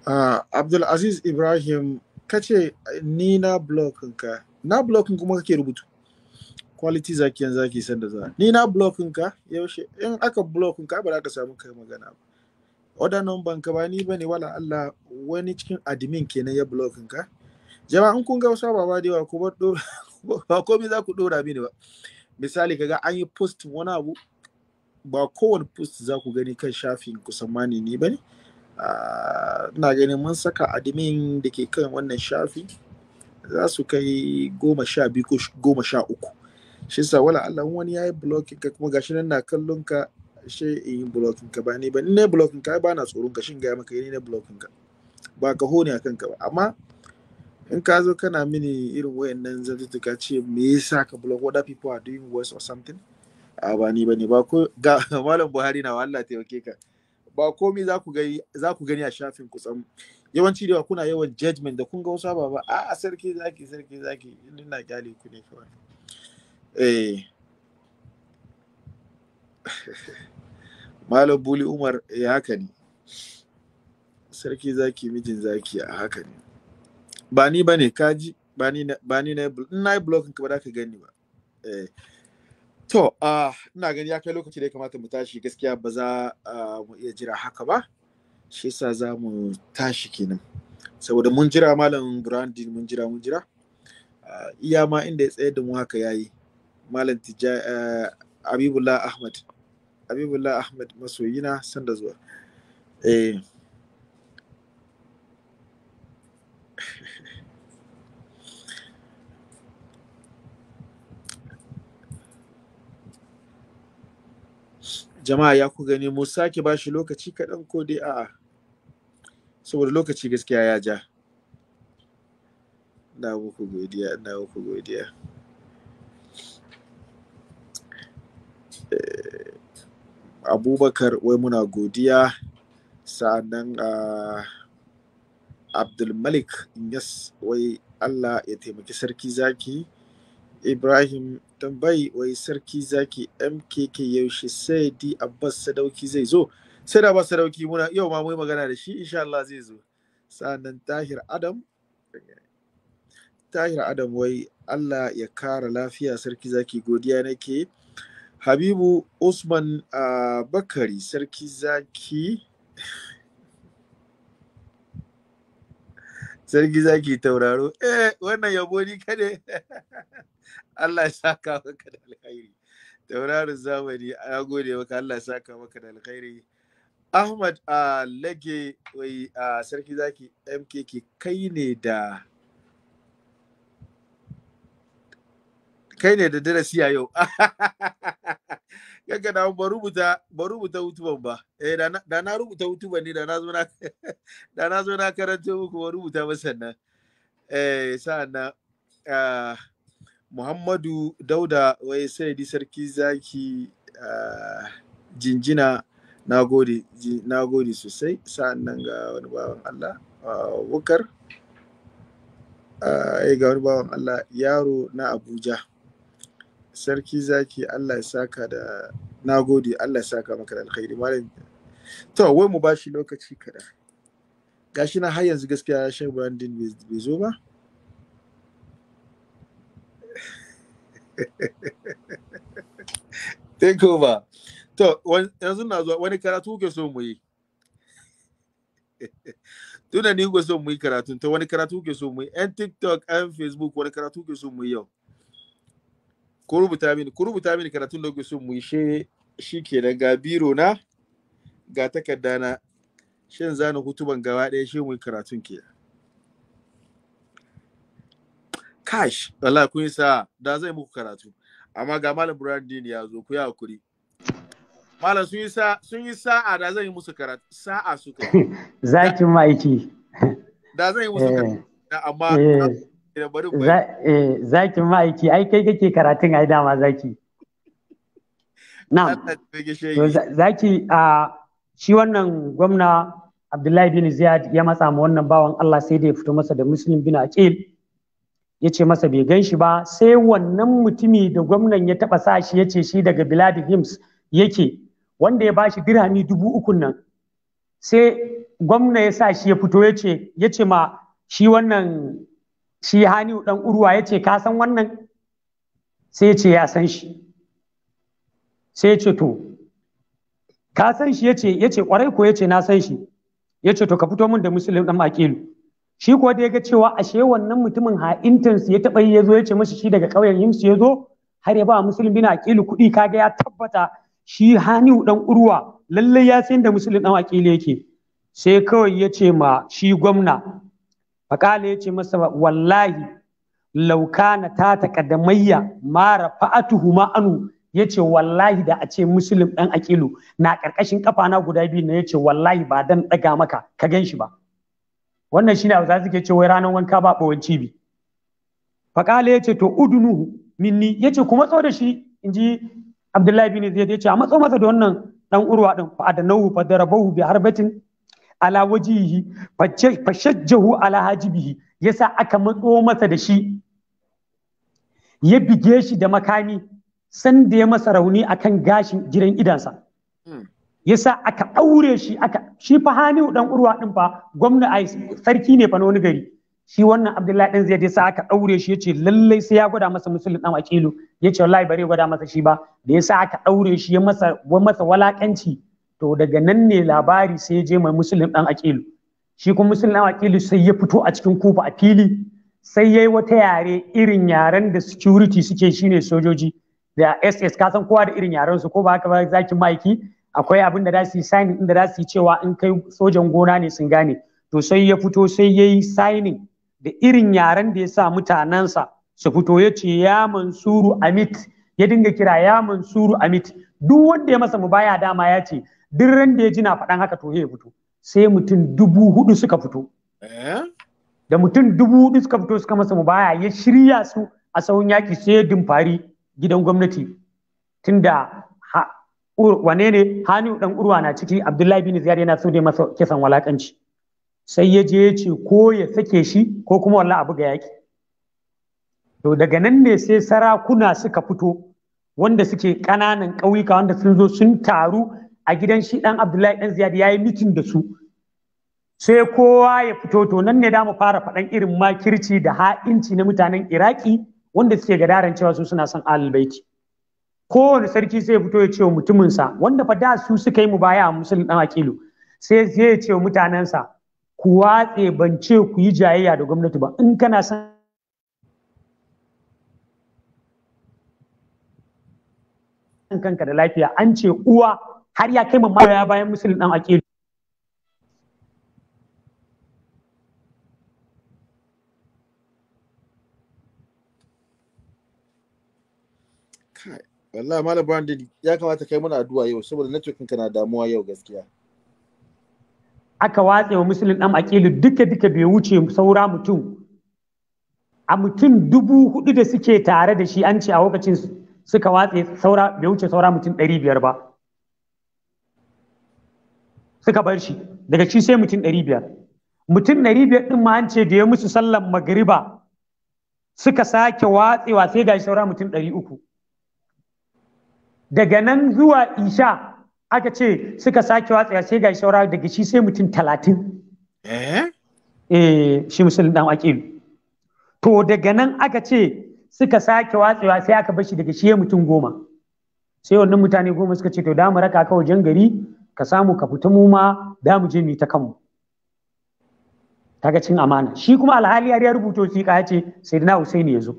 ah, abdulaziz ibrahim ka ce ni na blokinka na blokin kuma kake rubutu kwaliti zaki yanzu zaki san da za ni na blokinka yaushe in aka blokinka ba za ka samu kai magana ba order number ka ba ni ba ne wala Allah wani cikin admin kenan ya blokinka Jama'an kun ga wasu ababa da yawa ko ba komai za ku dora mini ba misali kaga an yi post wani abu ba kowane post za ku gani kan shafin kusan mani ne ba ne ah, ina ganin mun saka admin da ke kan wannan shafi za su kai goma sha biyu ko goma sha uku shi sa wala Allah wani ya yi blocking ka kuma gashi nan na kallon ka shi eh, in yi blocking ka ba ne ba ne blocking ka ba na tsoron ka shin ga maka eh, ne blocking ka ba ka hone akan ka ba amma in ka zo kana mini irin wayannan zantuttuka ce me yasa ka blog what people are doing worse or something a ba ni bane ba ko ga malam Buhari na ta yauke ka ba komai za ku gani za ku gani a shafin kusan yawanci da kuna yawan judgment da kun ga wasu ba a a sarki zaki sarki zaki ina gyale ku ne kawai eh malam Buli Umar ya eh, haka ne sarki zaki mijin zaki a haka ne ba ni bane kaji ba ni ba ni na in na yi blocking ka ba za ka gani ba eh to ah ina gani ya kai lokaci da ya kamata mu tashi gaskiya ba za mu iya jira haka ba shi yasa za mu tashi kenan saboda mun jira malam brandin mun jira mun jira iya ma inda ya tsaye da mu haka yayi malam tija abibullah ahmad abibullah ahmad masoyina sanda zuwa eh jama'a ya ku gani mu sake ba shi lokaci kaɗan ko dai a'a saboda lokaci gaskiya ya ja na muku godiya na muku godiya eh, abubakar wai muna godiya sa'annan uh, abdulmalik yes wai allah ya taimaki sarki zaki ibrahim tambayi wai sarki zaki mkk yaushe sai di abbas sadauki zai zo sai da abbas sadauki muna yau ma mai magana da shi insha Allah zai zo sannan tahir adam tahir adam wai Allah ya kara lafiya sarki zaki godiya nake habibu usman uh, bakari sarki zaki sarki zaki tauraro eh wannan yabo ni kade Allah ya saka maka da alkhairi tauraron zamani ya gode maka Allah ya saka maka da alkhairi Ahmad a lage wai a sarki zaki MKK kai ne da kai ne da darasi a yau kanka ba rubuta ba rubuta hutuban ba eh da na rubuta hutuban ne da na zo na da na zo na karanta muku ba rubuta ba sannan eh sa'annan muhammadu dauda wai sai di sarki zaki jinjina na gode na gode sosai sa'an ga wani bawan allah wukar ga wani bawan allah yaro na abuja sarki zaki allah ya saka da na allah ya saka maka da alkhairi malam to wai mu bashi lokaci kada gashi na har yanzu gaskiya shan brandin bai zo ba take over to yanzu na zuwa wani karatu kuke so mu yi Tuna ni kuke so mu yi karatu ta wani karatu kuke so mu yi yan tiktok yan facebook wani karatu kuke so mu yi yau ku rubuta mini ku rubuta mini karatun da kuke so mu yi she shi kenan ga biro na ga takardana na shin zanu hutuban gaba ɗaya shi mu yi karatun kenan Kash, Allah kun sa da zai muku karatu. Amma ga Malam Brandin ya zo, ku yi hakuri. Malam sun yi sa sun yi sa'a da zai musu karatu. Sa'a su kai. Zakin maiki. Da zai musu eh. karatu. Amma eh. eh, Zakin aiki, ai kai kake karatun ai dama zaki. Na, zaki a shi wannan gwamna Abdullahi bin Ziyad ya matsa ma wannan bawan Allah sai da ya fito masa da Muslim bin Aqil. ya ce masa bai gan shi ba sai wannan mutumi da gwamnan ya taɓa sa shi ya ce shi daga biladi hims yake wanda ya ba shi dirhami dubu uku nan sai gwamna ya sa shi ya fito ya ce ya ce ma shi wannan shi haniu dan urwa ya ce ka san wannan sai ya ce ya san shi sai ya ce to ka san shi ya ce ya ce kwarai ko ya ce na san shi ya ce to ka fito min da musulun dan makilu shi kuwa da ya ga cewa ashe wannan mutumin ha'intansu ya taɓa yi ya zo ya ce mashi shi daga ƙauyen su ya zo har ya ba musulmi na aƙili kuɗi kaga ya tabbata shi haniu ɗan urwa lallai ya san da musulmi ɗan aƙili yake sai kawai ya ce ma shi gwamna faƙala ya ce masa wallahi lauka na ta taƙadamayya mara fa'atuhu ma'anu ya ce wallahi da a ce musulun ɗan aƙilu na ƙarƙashin ƙafa na guda biyu na ya ce wallahi ba dan ɗaga maka ka gan shi ba. wannan shine su suke ce wai ranar wanka ba ɓawan cibi faƙala ya ce to udunuhu minni ya ce kuma matso da shi in ji abdullahi bin zai ya ce a matso masa da wannan dan urwa din fa adanahu fa darabahu bi harbatin ala wajihi fa shajjahu ala hajibihi yasa aka matso masa da shi ya bige shi da makami sanda ya masa rauni akan gashin gidan idansa hmm. yasa aka aure shi aka shi fa Hamiu dan Urwa din fa gwamna ai sarki ne fa na wani gari shi wannan Abdullahi dan Ziyad yasa aka aure shi yace lallai sai ya gwada masa musulun dan Aqilu yace wallahi bare gwada masa shi ba da yasa aka aure shi ya masa masa walakanci to daga nan ne labari sai ya je mai musulun dan Aqilu shi kuma musulun dan Aqilu sai ya fito a cikin kufa a fili sai yayi wata yare irin yaren da security suke shine sojoji da SS kasan kowa da irin yaren su ko ba haka ba zaki maiki akwai abin da za su yi signing inda za su yi cewa in kai sojan gona ne sun gane to sai ya fito sai ya yi signing da irin yaren da ya sa mutanensa su fito ya ce ya mansuru amit ya dinga kira ya mansuru amit duk wanda ya masa mubaya dama ya ce duk ran da ya ji na faɗan haka to ya fito sai mutum dubu hudu suka fito eh? da mutum dubu hudu suka fito suka masa mubaya ya shirya su a sauyin yaki sai ya dumfari gidan gwamnati tunda wane ne hani dan urwa na ciki abdullahi bin ziyar yana so dai masa kisan walakanci sai ya je ya ce ko ya sake shi ko kuma wallahi abu ga yaki to daga nan ne sai sarakuna suka fito wanda suke kananan ƙauyuka wanda sun zo sun taru a gidan shi dan abdullahi dan ziyar ya yi mitin da su sai kowa ya fito to nan ne da mu fara faɗan irin makirci da ha'inci na mutanen iraki wanda suke gadaran cewa su suna son albaiti kowane sarki sai fito ya ce wa mutuminsa wanda fa da su suka yi mu baya a musulun dan akilu sai sai ya ce wa mutanensa ku watse ban ce ku yi jayayya da gwamnati ba in kana san kanka da lafiya an ce uwa har ya kai mamaya bayan musulun dan akilu wallahi malam brandon ya kamata kai muna addu'a yau saboda network ka na damuwa yau gaskiya aka watse wa musulun ɗan aƙilu duka duka bai wuce saura mutum a mutum dubu hudu da suke tare da shi an ce a lokacin suka watse saura bai wuce saura mutum ɗari biyar ba suka bar shi daga shi sai mutum ɗari biyar mutum ɗari biyar ɗin ma an ce da ya musu sallan magriba suka sake watsewa sai ga saura mutum ɗari uku daga nan zuwa isha aka ce suka sake watsa sai ga shaura daga shi sai mutum talatin eh, eh shi musulun dan akilu to daga nan aka ce suka sake watsewa sai aka bashi daga shi mutum goma sai wannan mutane goma suka ce to da mu raka ka wajen gari ka samu ka fita mu ma da mu je mu ta kanmu kaga cin amana shi kuma alhali ya rubuto shi ka ce sai na Husaini ya zo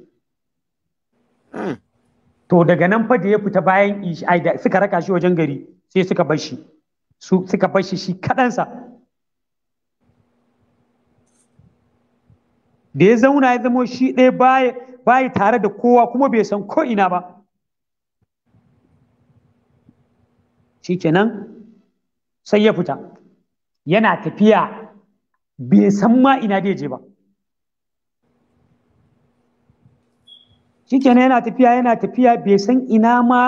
hmm. to daga nan fa da ya fita bayan ai suka raka shi wajen gari sai suka bar shi su suka bar shi shi kadansa da ya zauna ya zama shi ɗaya baya tare da kowa kuma bai san ko ina ba shikenan sai ya fita yana tafiya bai san ma ina da je ba shikenan yana tafiya yana tafiya bai san ina ma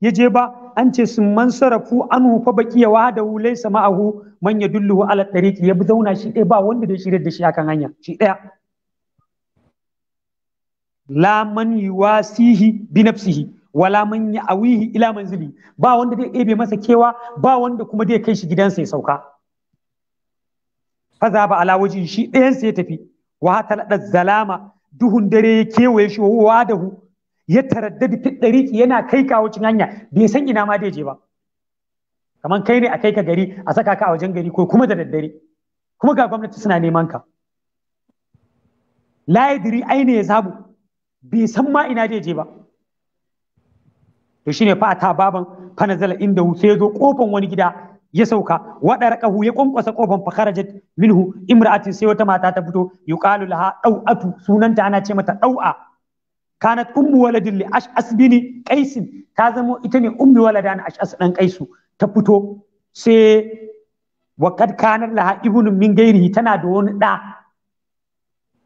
ya je ba an ce sun man sarafu an hufa baki ya wada laisa ma'ahu man ya dulluhu ala tariqi ya bi zauna shi ɗaya ba wanda da shirye da shi akan hanya shi ɗaya la man yuwasihi bi nafsihi wala man ya'awihi ila manzili ba wanda zai ɗebe masa kewa ba wanda kuma zai kai shi gidansa ya sauka za ba ala wajin shi ɗayan sai ya tafi wa hatalada zalama duhun dare ya kewaye shi wa da hu ya taraddadi da dariki yana kai ka wucin hanya bai san ina ma da je ba kamar kai ne a kai ka gari a saka ka a wajen gari ko kuma da daddare kuma ga gwamnati suna neman ka la yadri aina ya zabu bai san ma ina da je ba to shine fa ta baban fa nazala inda hu sai zo kofan wani gida ya sauka waɗar raqahu ya ƙwanƙwasa kofan fa kharajat minhu imra'atin sai wata mata ta fito yuqalu laha dau'atu sunanta ana ce mata dau'a kanat ummu waladin li ash'as bini qais ta zama ita ne ummi waladan ash'as dan qaisu ta fito sai wa kad kanar laha ibnu min gairihi tana da wani da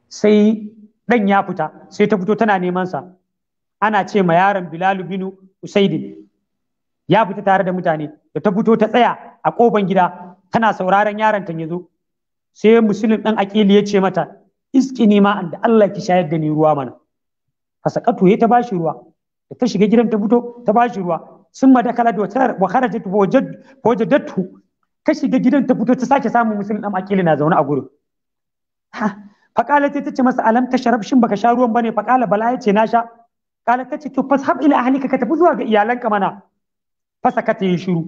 sai dan ya fita sai ta fito tana neman sa ana ce ma yaron bilal binu usaidin ya fita tare da mutane da ta fito ta tsaya a koban gida tana sauraron yaron ta yazo sai musulun ɗan akili ya ce mata iski ne ma da Allah ki shayar da ni ruwa mana fasakatu ya ta bashi ruwa da ta shiga gidan ta fito ta bashi ruwa sun ma dakala da wata wa kharajat wajadatu ka shiga gidan ta fito ta sake samun musulun ɗan akili na zaune a gurin kala ta ce masa alam sharab shin baka sha ruwan bane kala bala ya ce na sha kala ta ce to fashab ila ahlika ka tafi zuwa ga iyalanka mana fasakata yi shiru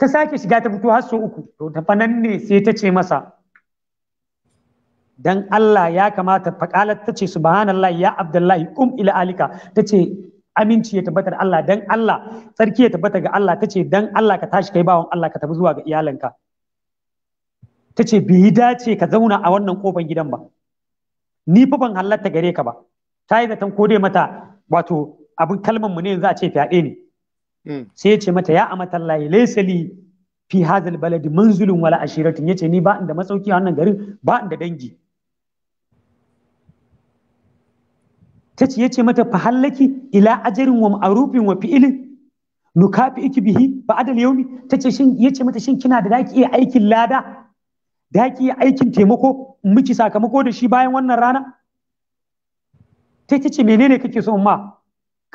ta sake shiga ta fito har sau uku to ta fanan ne sai ta ce masa dan Allah ya kamata faqalat ta ce subhanallah ya abdullahi um ila alika ta ce aminci ya tabbata da Allah dan Allah tsarki ya tabbata ga Allah ta ce dan Allah ka tashi kai bawan Allah ka tafi zuwa ga iyalanka ta ce bai dace ka zauna a wannan kofan gidan ba ni fa ban halarta gare ka ba ta yi zaton ko mata wato abin kalmar mu ne yanzu a ce fyaɗe ne Hmm. sai ya ce mata ya amatan layi laisali fi hazal baladi manzulun wala ashiratin yace ni ba inda matsauki a wannan garin ba inda dangi Ta ya yace mata fa ila ajarin wa ma'arufin wa fi'ilin nukafi iki bihi ba adal Ta ce shin yace mata shin kina da daki iya aikin lada daki iya aikin taimako miki sakamako da shi bayan wannan rana ta ce menene kake so ma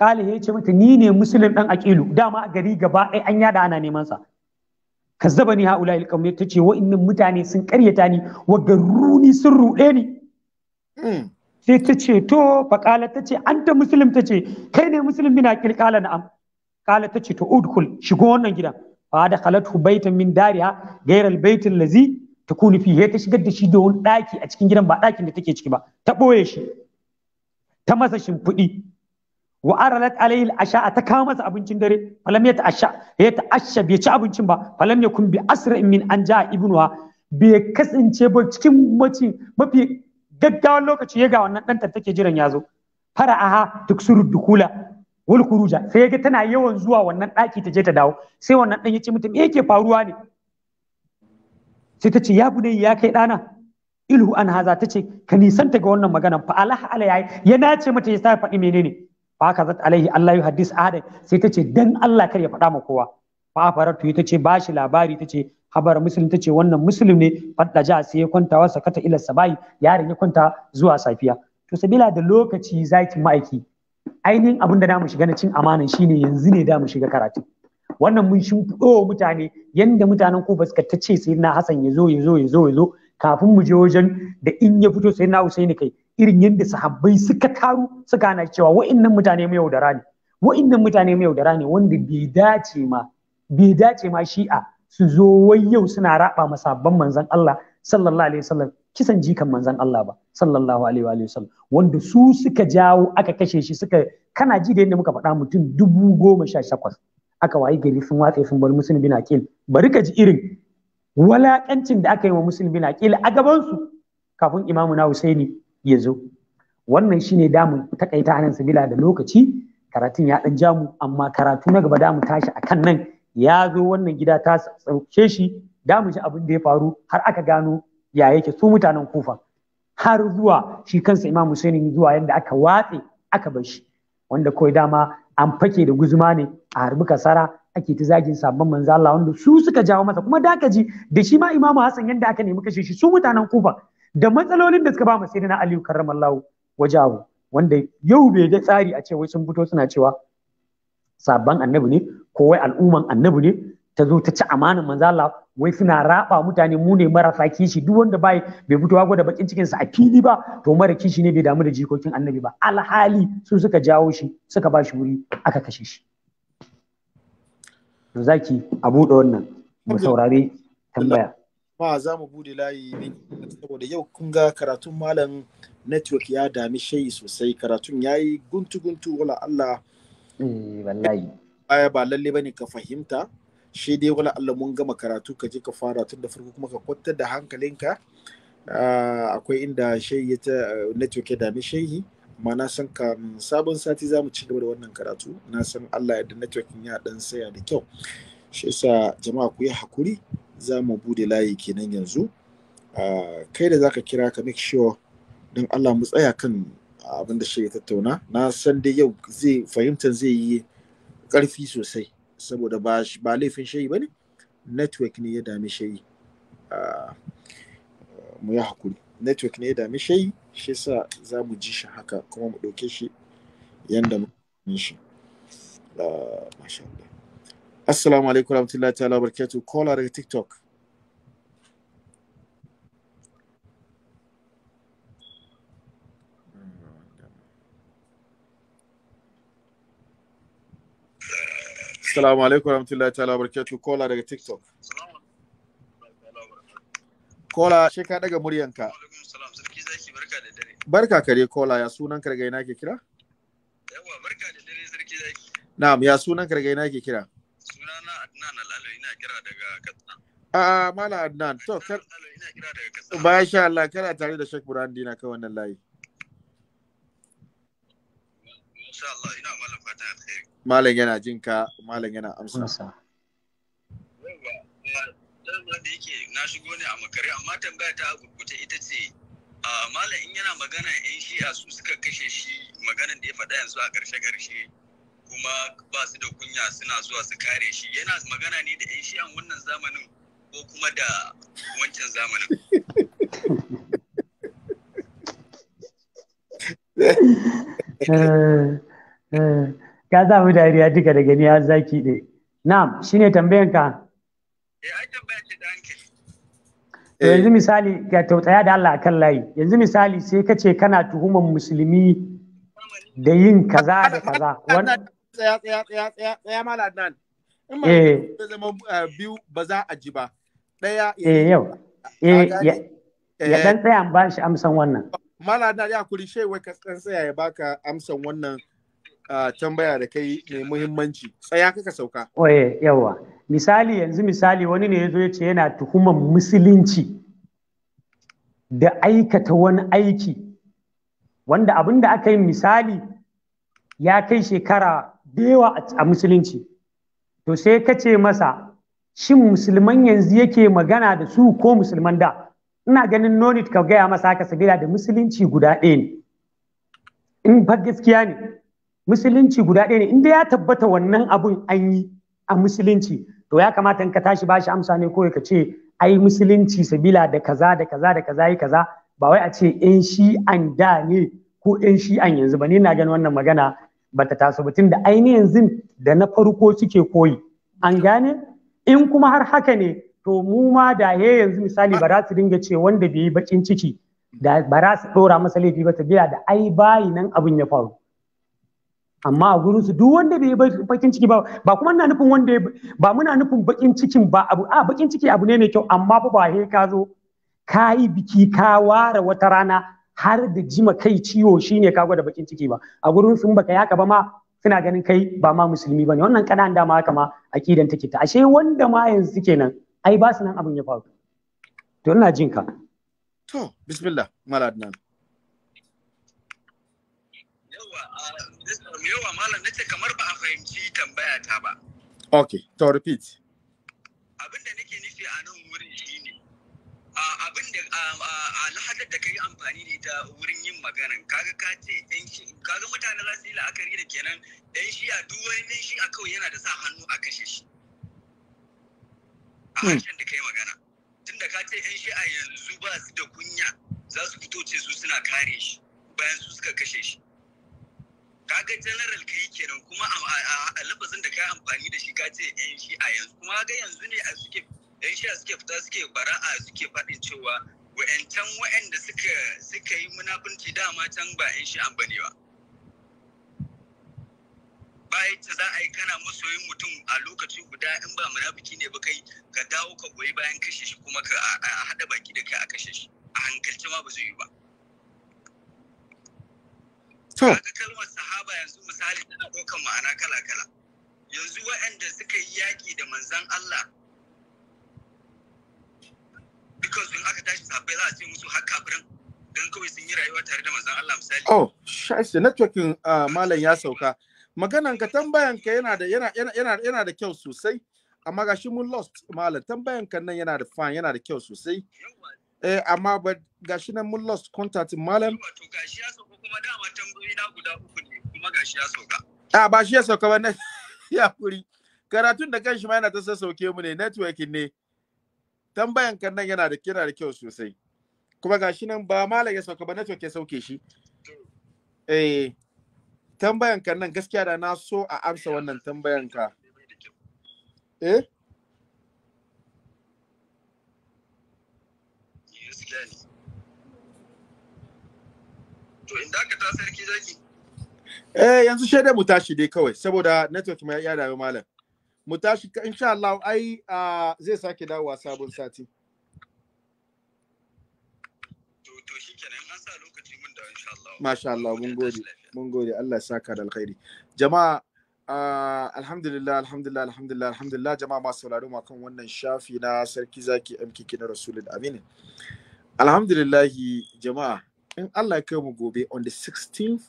kala ya ce mata ni ne musulun dan aqilu dama a gari gaba ɗaya an yada ana neman sa kazzaba ni haula il qawmi tace wa'annan mutane sun karyata ni wa garuni sun ruɗe ni hmm. sai ta ce to fa kala ta ce an ta musulun ta kai ne musulun bina kilkala kala na'am kala ta to udkhul shigo wannan gidan fa da khalatu baitan min dariha ghayra al lazi, allazi takunu fihi ta shigar da shi da wani daki a cikin gidan ba dakin da take ciki ba ta boye shi ta masa shimfiɗi wa aralat alayhi al-asha ta kawo masa abincin dare falam ya Asha ya asha bai ci abincin ba falam ya kun bi in min an ja'a ibnuha bai kasance ba cikin mace mafi gaggawan lokaci ya ga wannan ɗanta take jiran ya zo fara'aha tuksuru dukula wal kuruja sai ga tana yawan zuwa wannan daki ta je ta dawo sai wannan ɗan ya ce me yake faruwa ne sai ta ce ya bude ya kai ɗana ilhu an haza ta ce ka nisanta ga wannan magana fa alaha ya nace mata ya sa faɗi menene fa ka zat alaihi Allah yu hadis ahad sai ta ce dan Allah kar ya faɗa ma kowa fa faratu ta ce ba shi labari ta ce habar muslim ta ce wannan muslim ne fadda ja sai ya kwanta wa sakata ila sabai yaron ya kwanta zuwa safiya to sabila da lokaci zaki ma'aiki ainihin abin da mu shiga na cin amanan shine yanzu ne da mu shiga karatu wannan mun shimfiɗo mutane yanda mutanen kufa suka ta ce sai na Hassan ya zo ya zo ya zo ya zo kafin mu je wajen da in ya fito sai na Usaini kai irin yadda sahabbai suka taru suka hana cewa wa'innan mutane mu yaudara ne wa'innan mutane mu yaudara ne wanda bai dace ma bai dace ma shi'a su zo wai yau suna raba ma sabon manzon Allah sallallahu alaihi wasallam kisan jikan manzon Allah ba sallallahu alaihi wa sallam wanda su suka jawo aka kashe shi suka kana ji da yadda muka faɗa mutum dubu goma sha takwas aka wayi gari sun watsa sun bar musulmi bin bari ka ji irin walaƙancin da aka yi wa musulmi na ƙila a gabansu kafin imamu na husaini ya zo wannan shine damu takaita hannun sabila da lokaci karatun ya ɗan jamu amma karatu na gaba damu tashi akan nan ya zo wannan gida ta sauke shi damu shi abin da ya faru har aka gano ya yake su mutanen kufa har zuwa shi kansa imam husaini zuwa yadda aka watse aka bar shi wanda kawai dama an fake da guzuma ne a harbi kasara ake ta zagin sabon manzo Allah wanda su suka jawo masa kuma da ji da shi ma Imam Hassan yanda aka nemi kashe shi su mutanen Kufa da matsalolin da suka ba masa na Aliyu karramallahu wajahu wanda yau bai da tsari a ce wai sun fito suna cewa sabon annabi ne ko wai al'umman annabi ne ta zo ta ci amanin manzo Allah wai suna raba mutane mu ne marasa kishi duk wanda bai bai fitowa gwada bakin cikin sa a fili ba to mara kishi ne bai damu da jikokin annabi ba alhali su suka jawo shi suka ba shi wuri aka kashe shi to zaki a buɗe wannan mu saurari tambaya ba za mu bude layi ne saboda yau kun ga karatun malam network ya dami shayi sosai karatun ya yi guntu-guntu wala Allah eh, wallahi baya ba lalle bane ka fahimta shi dai wala Allah mun gama karatu ka je ka fara tun da farko kuma ka kwantar da hankalinka ah, akwai inda shayi ta network ya dami shayi amma na san kamin sabon sati za mu ci gaba da wannan karatu na san allah yadda networking ya dan saya da kyau shi yasa jama'a ku yi hakuri za mu bude layi kenan yanzu ah, kai da zaka kira ka make sure don allah mu tsaya kan abin da shi tattauna na san dai yau zai fahimtar zai yi ƙarfi sosai saboda ba ba laifin shayi bane ne network ne ya dami shayi ah, mu yi hakuri network ne ya dami shayi shi sa za mu ji shi haka kuma mu ɗauke shi yadda mu shi ah, masha Allah assalamu alaikum rahmatullahi ta'ala barakatuh kola daga tiktok Assalamu alaikum rahmatullahi ta'ala barakatuh kola daga TikTok. Kola shi ka daga muryanka. Sarki barka da dare. Barka kare kola ya sunan karga ina ke kira? Yawa barka da dare sarki zaki. Na'am ya sunan karga ina ke kira? Sunana Adnan Alalo ina kira daga Katsina. A'a Mala Adnan to kar Ba sha Allah kana tare da Sheikh Burhan Dina kai wannan layi. Insha Allah ina malam fata alheri. Malam yana jinka, malam yana amsa. Yawa, eh, da yake na shigo ne a makare amma tambaya ta gurgurta ita ce malam in yana magana yan shi'a su suka kashe shi maganan da ya faɗa yanzu a ƙarshe ƙarshe kuma ba su da kunya suna zuwa su kare shi yana magana ne da yan shi'an wannan zamanin ko kuma da wancan zamanin eh, eh, ka samu dariya duka da gani har zaki ɗe na'am shine tambayanka eh ai tambaya Eh. yanzu misali ga tautsaya da Allah akan layi yanzu misali sai ka kana tuhumar musulmi da yin kaza da kaza tsaya tsaya tsaya tsaya tsaya mala in eh. zama eh, biyu ba za a ji ba daya eh yau eh ya dan tsaya ba shi amsan wannan ya kuri shai wai ka tsaya ya baka amsan wannan ah, tambaya da kai mai muhimmanci tsaya kaka sauka oh, misali yanzu misali wani ne ya zo ya ce yana tuhuman musulunci da aikata wani aiki wanda abin da aka yi misali ya kai shekara da a musulunci to sai ka ce masa shin musulman yanzu yake magana da su ko musulman da ina ganin nonit ka gaya masa haka sabila da musulunci guda ɗaya ne in fa gaskiya ne musulunci guda ɗaya ne inda ya tabbata wannan abun an yi a musulunci to ya kamata in ka tashi bashi amsa ne ko ka ce ai musulunci sabila da kaza da kaza da kaza yi kaza ba wai a ce yan shi'an da ne ko yan shi'an yanzu ba ni na gani wannan magana ba ta taso ba tunda aini yanzu da na farko suke koyi an gane in kuma har haka ne to mu ma da he yanzu misali ba za su dinga ce wanda bai yi bakin ciki da ba za su dora masa laifi ba ta da ai bayi nan abin ya faru amma a gurin su duk wanda bai bakin ciki ba ba kuma ina nufin wanda ba muna nufin bakin cikin ba abu a bakin ciki abu ne mai kyau amma ba ba he ka zo ka yi biki ka ware wata rana har da jima kai ciwo shine ka gwada bakin ciki ba a gurin sun baka yaka ba ma suna ganin kai ba ma musulmi bane wannan kanan dama haka ma akidan take ta ashe wanda ma yanzu kenan ai ba su nan abin ya faru to ina jin ka to bismillah mala adnan tambaya ta ba. Ok, to repeat. Abin da nake nufi a nan wurin shi ne, abin da alhadar da ka yi amfani da ita wurin yin magana kaga ka ce ‘yan shi, kaga mutane za su yi la'akari da kenan ‘yan shi a duk wani ‘yan shi a kawai yana da sa hannu a kashe shi. A hmm. harshen da ka yi magana. Tunda ka ce ‘yan shi a yanzu ba su da kunya za su fito ce su suna kare shi bayan su suka kashe shi. kaga general kai kenan kuma a lafazin da ka amfani da shi ka ce yan a yanzu kuma ga yanzu ne a suke yan a suke fita suke bara'a suke faɗin cewa wa'ancan wa'anda suka suka yi munafunci dama can ba yan an bane ba ba yadda za a yi kana masoyin mutum a lokaci guda in ba munafiki ne ba kai ka dawo ka goyi bayan kashe shi kuma ka haɗa baki da kai a kashe shi a hankalci ma ba zai yi ba Kaga kalmar sahaba yanzu misali tana ɗaukar ma'ana kala-kala. Yanzu waɗanda suka yi yaƙi da manzan Allah dukkan su in aka tashi sahabbai za a ce musu har kafirin don kawai sun yi rayuwa tare da manzan Allah misali. Oh, shaisi networking ah, malam ya sauka. Maganan ka tambayan ka yana da yana yana yana da kyau sosai. Amma ga shi mun lost malam tambayan ka nan yana da fine yana da kyau sosai. Eh amma gashi nan mun lost contact malam. Wato gashi ya sauka kuma dama tambayi na guda uku ne kuma shi ya sauka. A ba shi ya sauka ba na ya kuri. Karatun da kanshi ma yana ta sassauke mu ne networking ne. Tambayan kan nan yana da kira da kyau sosai. Kuma gashi nan ba malam ya sauka ba network ya sauke shi. Eh tambayan kan nan gaskiya da na so a amsa wannan tambayan ka. Eh? to in dakata sarki zaki eh yanzu shi dai mu tashi dai kawai saboda network mai ya dawo malam mu tashi insha Allah ai zai sake dawowa sabon sati to to shikenan an sa lokaci mun da insha Allah masha Allah mun gode mun gode Allah ya saka da alkhairi jama'a alhamdulillah alhamdulillah alhamdulillah alhamdulillah jama'a masu sauraro ma kan wannan shafi na sarki zaki mkk na rasulul amin alhamdulillah jama'a in Allah ya kai mu gobe on the 16th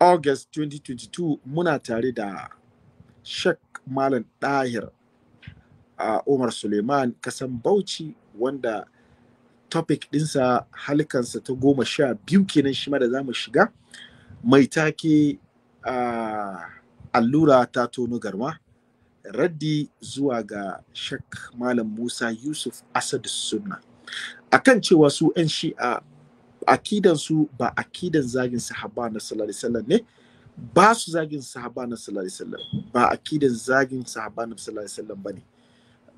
August 2022 muna tare da Sheikh Malam Dahir a uh, Umar Suleiman kasan Bauchi wanda topic ɗinsa halikansa ta goma sha biyu kenan shi ma da za mu shiga mai take uh, allura ta tono garma raddi zuwa ga Sheikh Malam Musa Yusuf Asad Sunna akan cewa su 'yan shi'a akidan su ba akidan zagin sahaba na sallallahu alaihi wasallam ne ba su zagin sahaba na sallallahu alaihi wasallam ba akidan zagin sahaba na sallallahu alaihi wasallam bane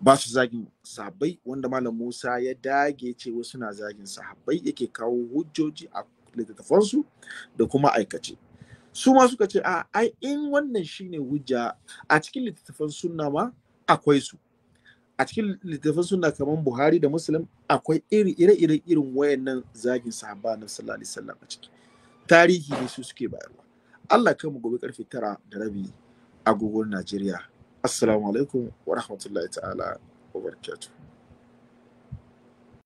ba su zagin sahabbai wanda malam Musa ya dage ce wasu na zagin sahabbai yake kawo hujjoji a littattafansu da kuma aikace su ma suka ce a ai in wannan shine hujja a cikin littattafan sunna ma akwai su a cikin littafin suna kamar buhari da muslim akwai iri ire ire irin wayannan zagin sahaba na sallallahu alaihi a ciki tarihi ne su suke bayarwa Allah kan mu gobe karfe tara da rabi agogon Najeriya assalamu alaikum wa rahmatullahi ta'ala wa barakatuh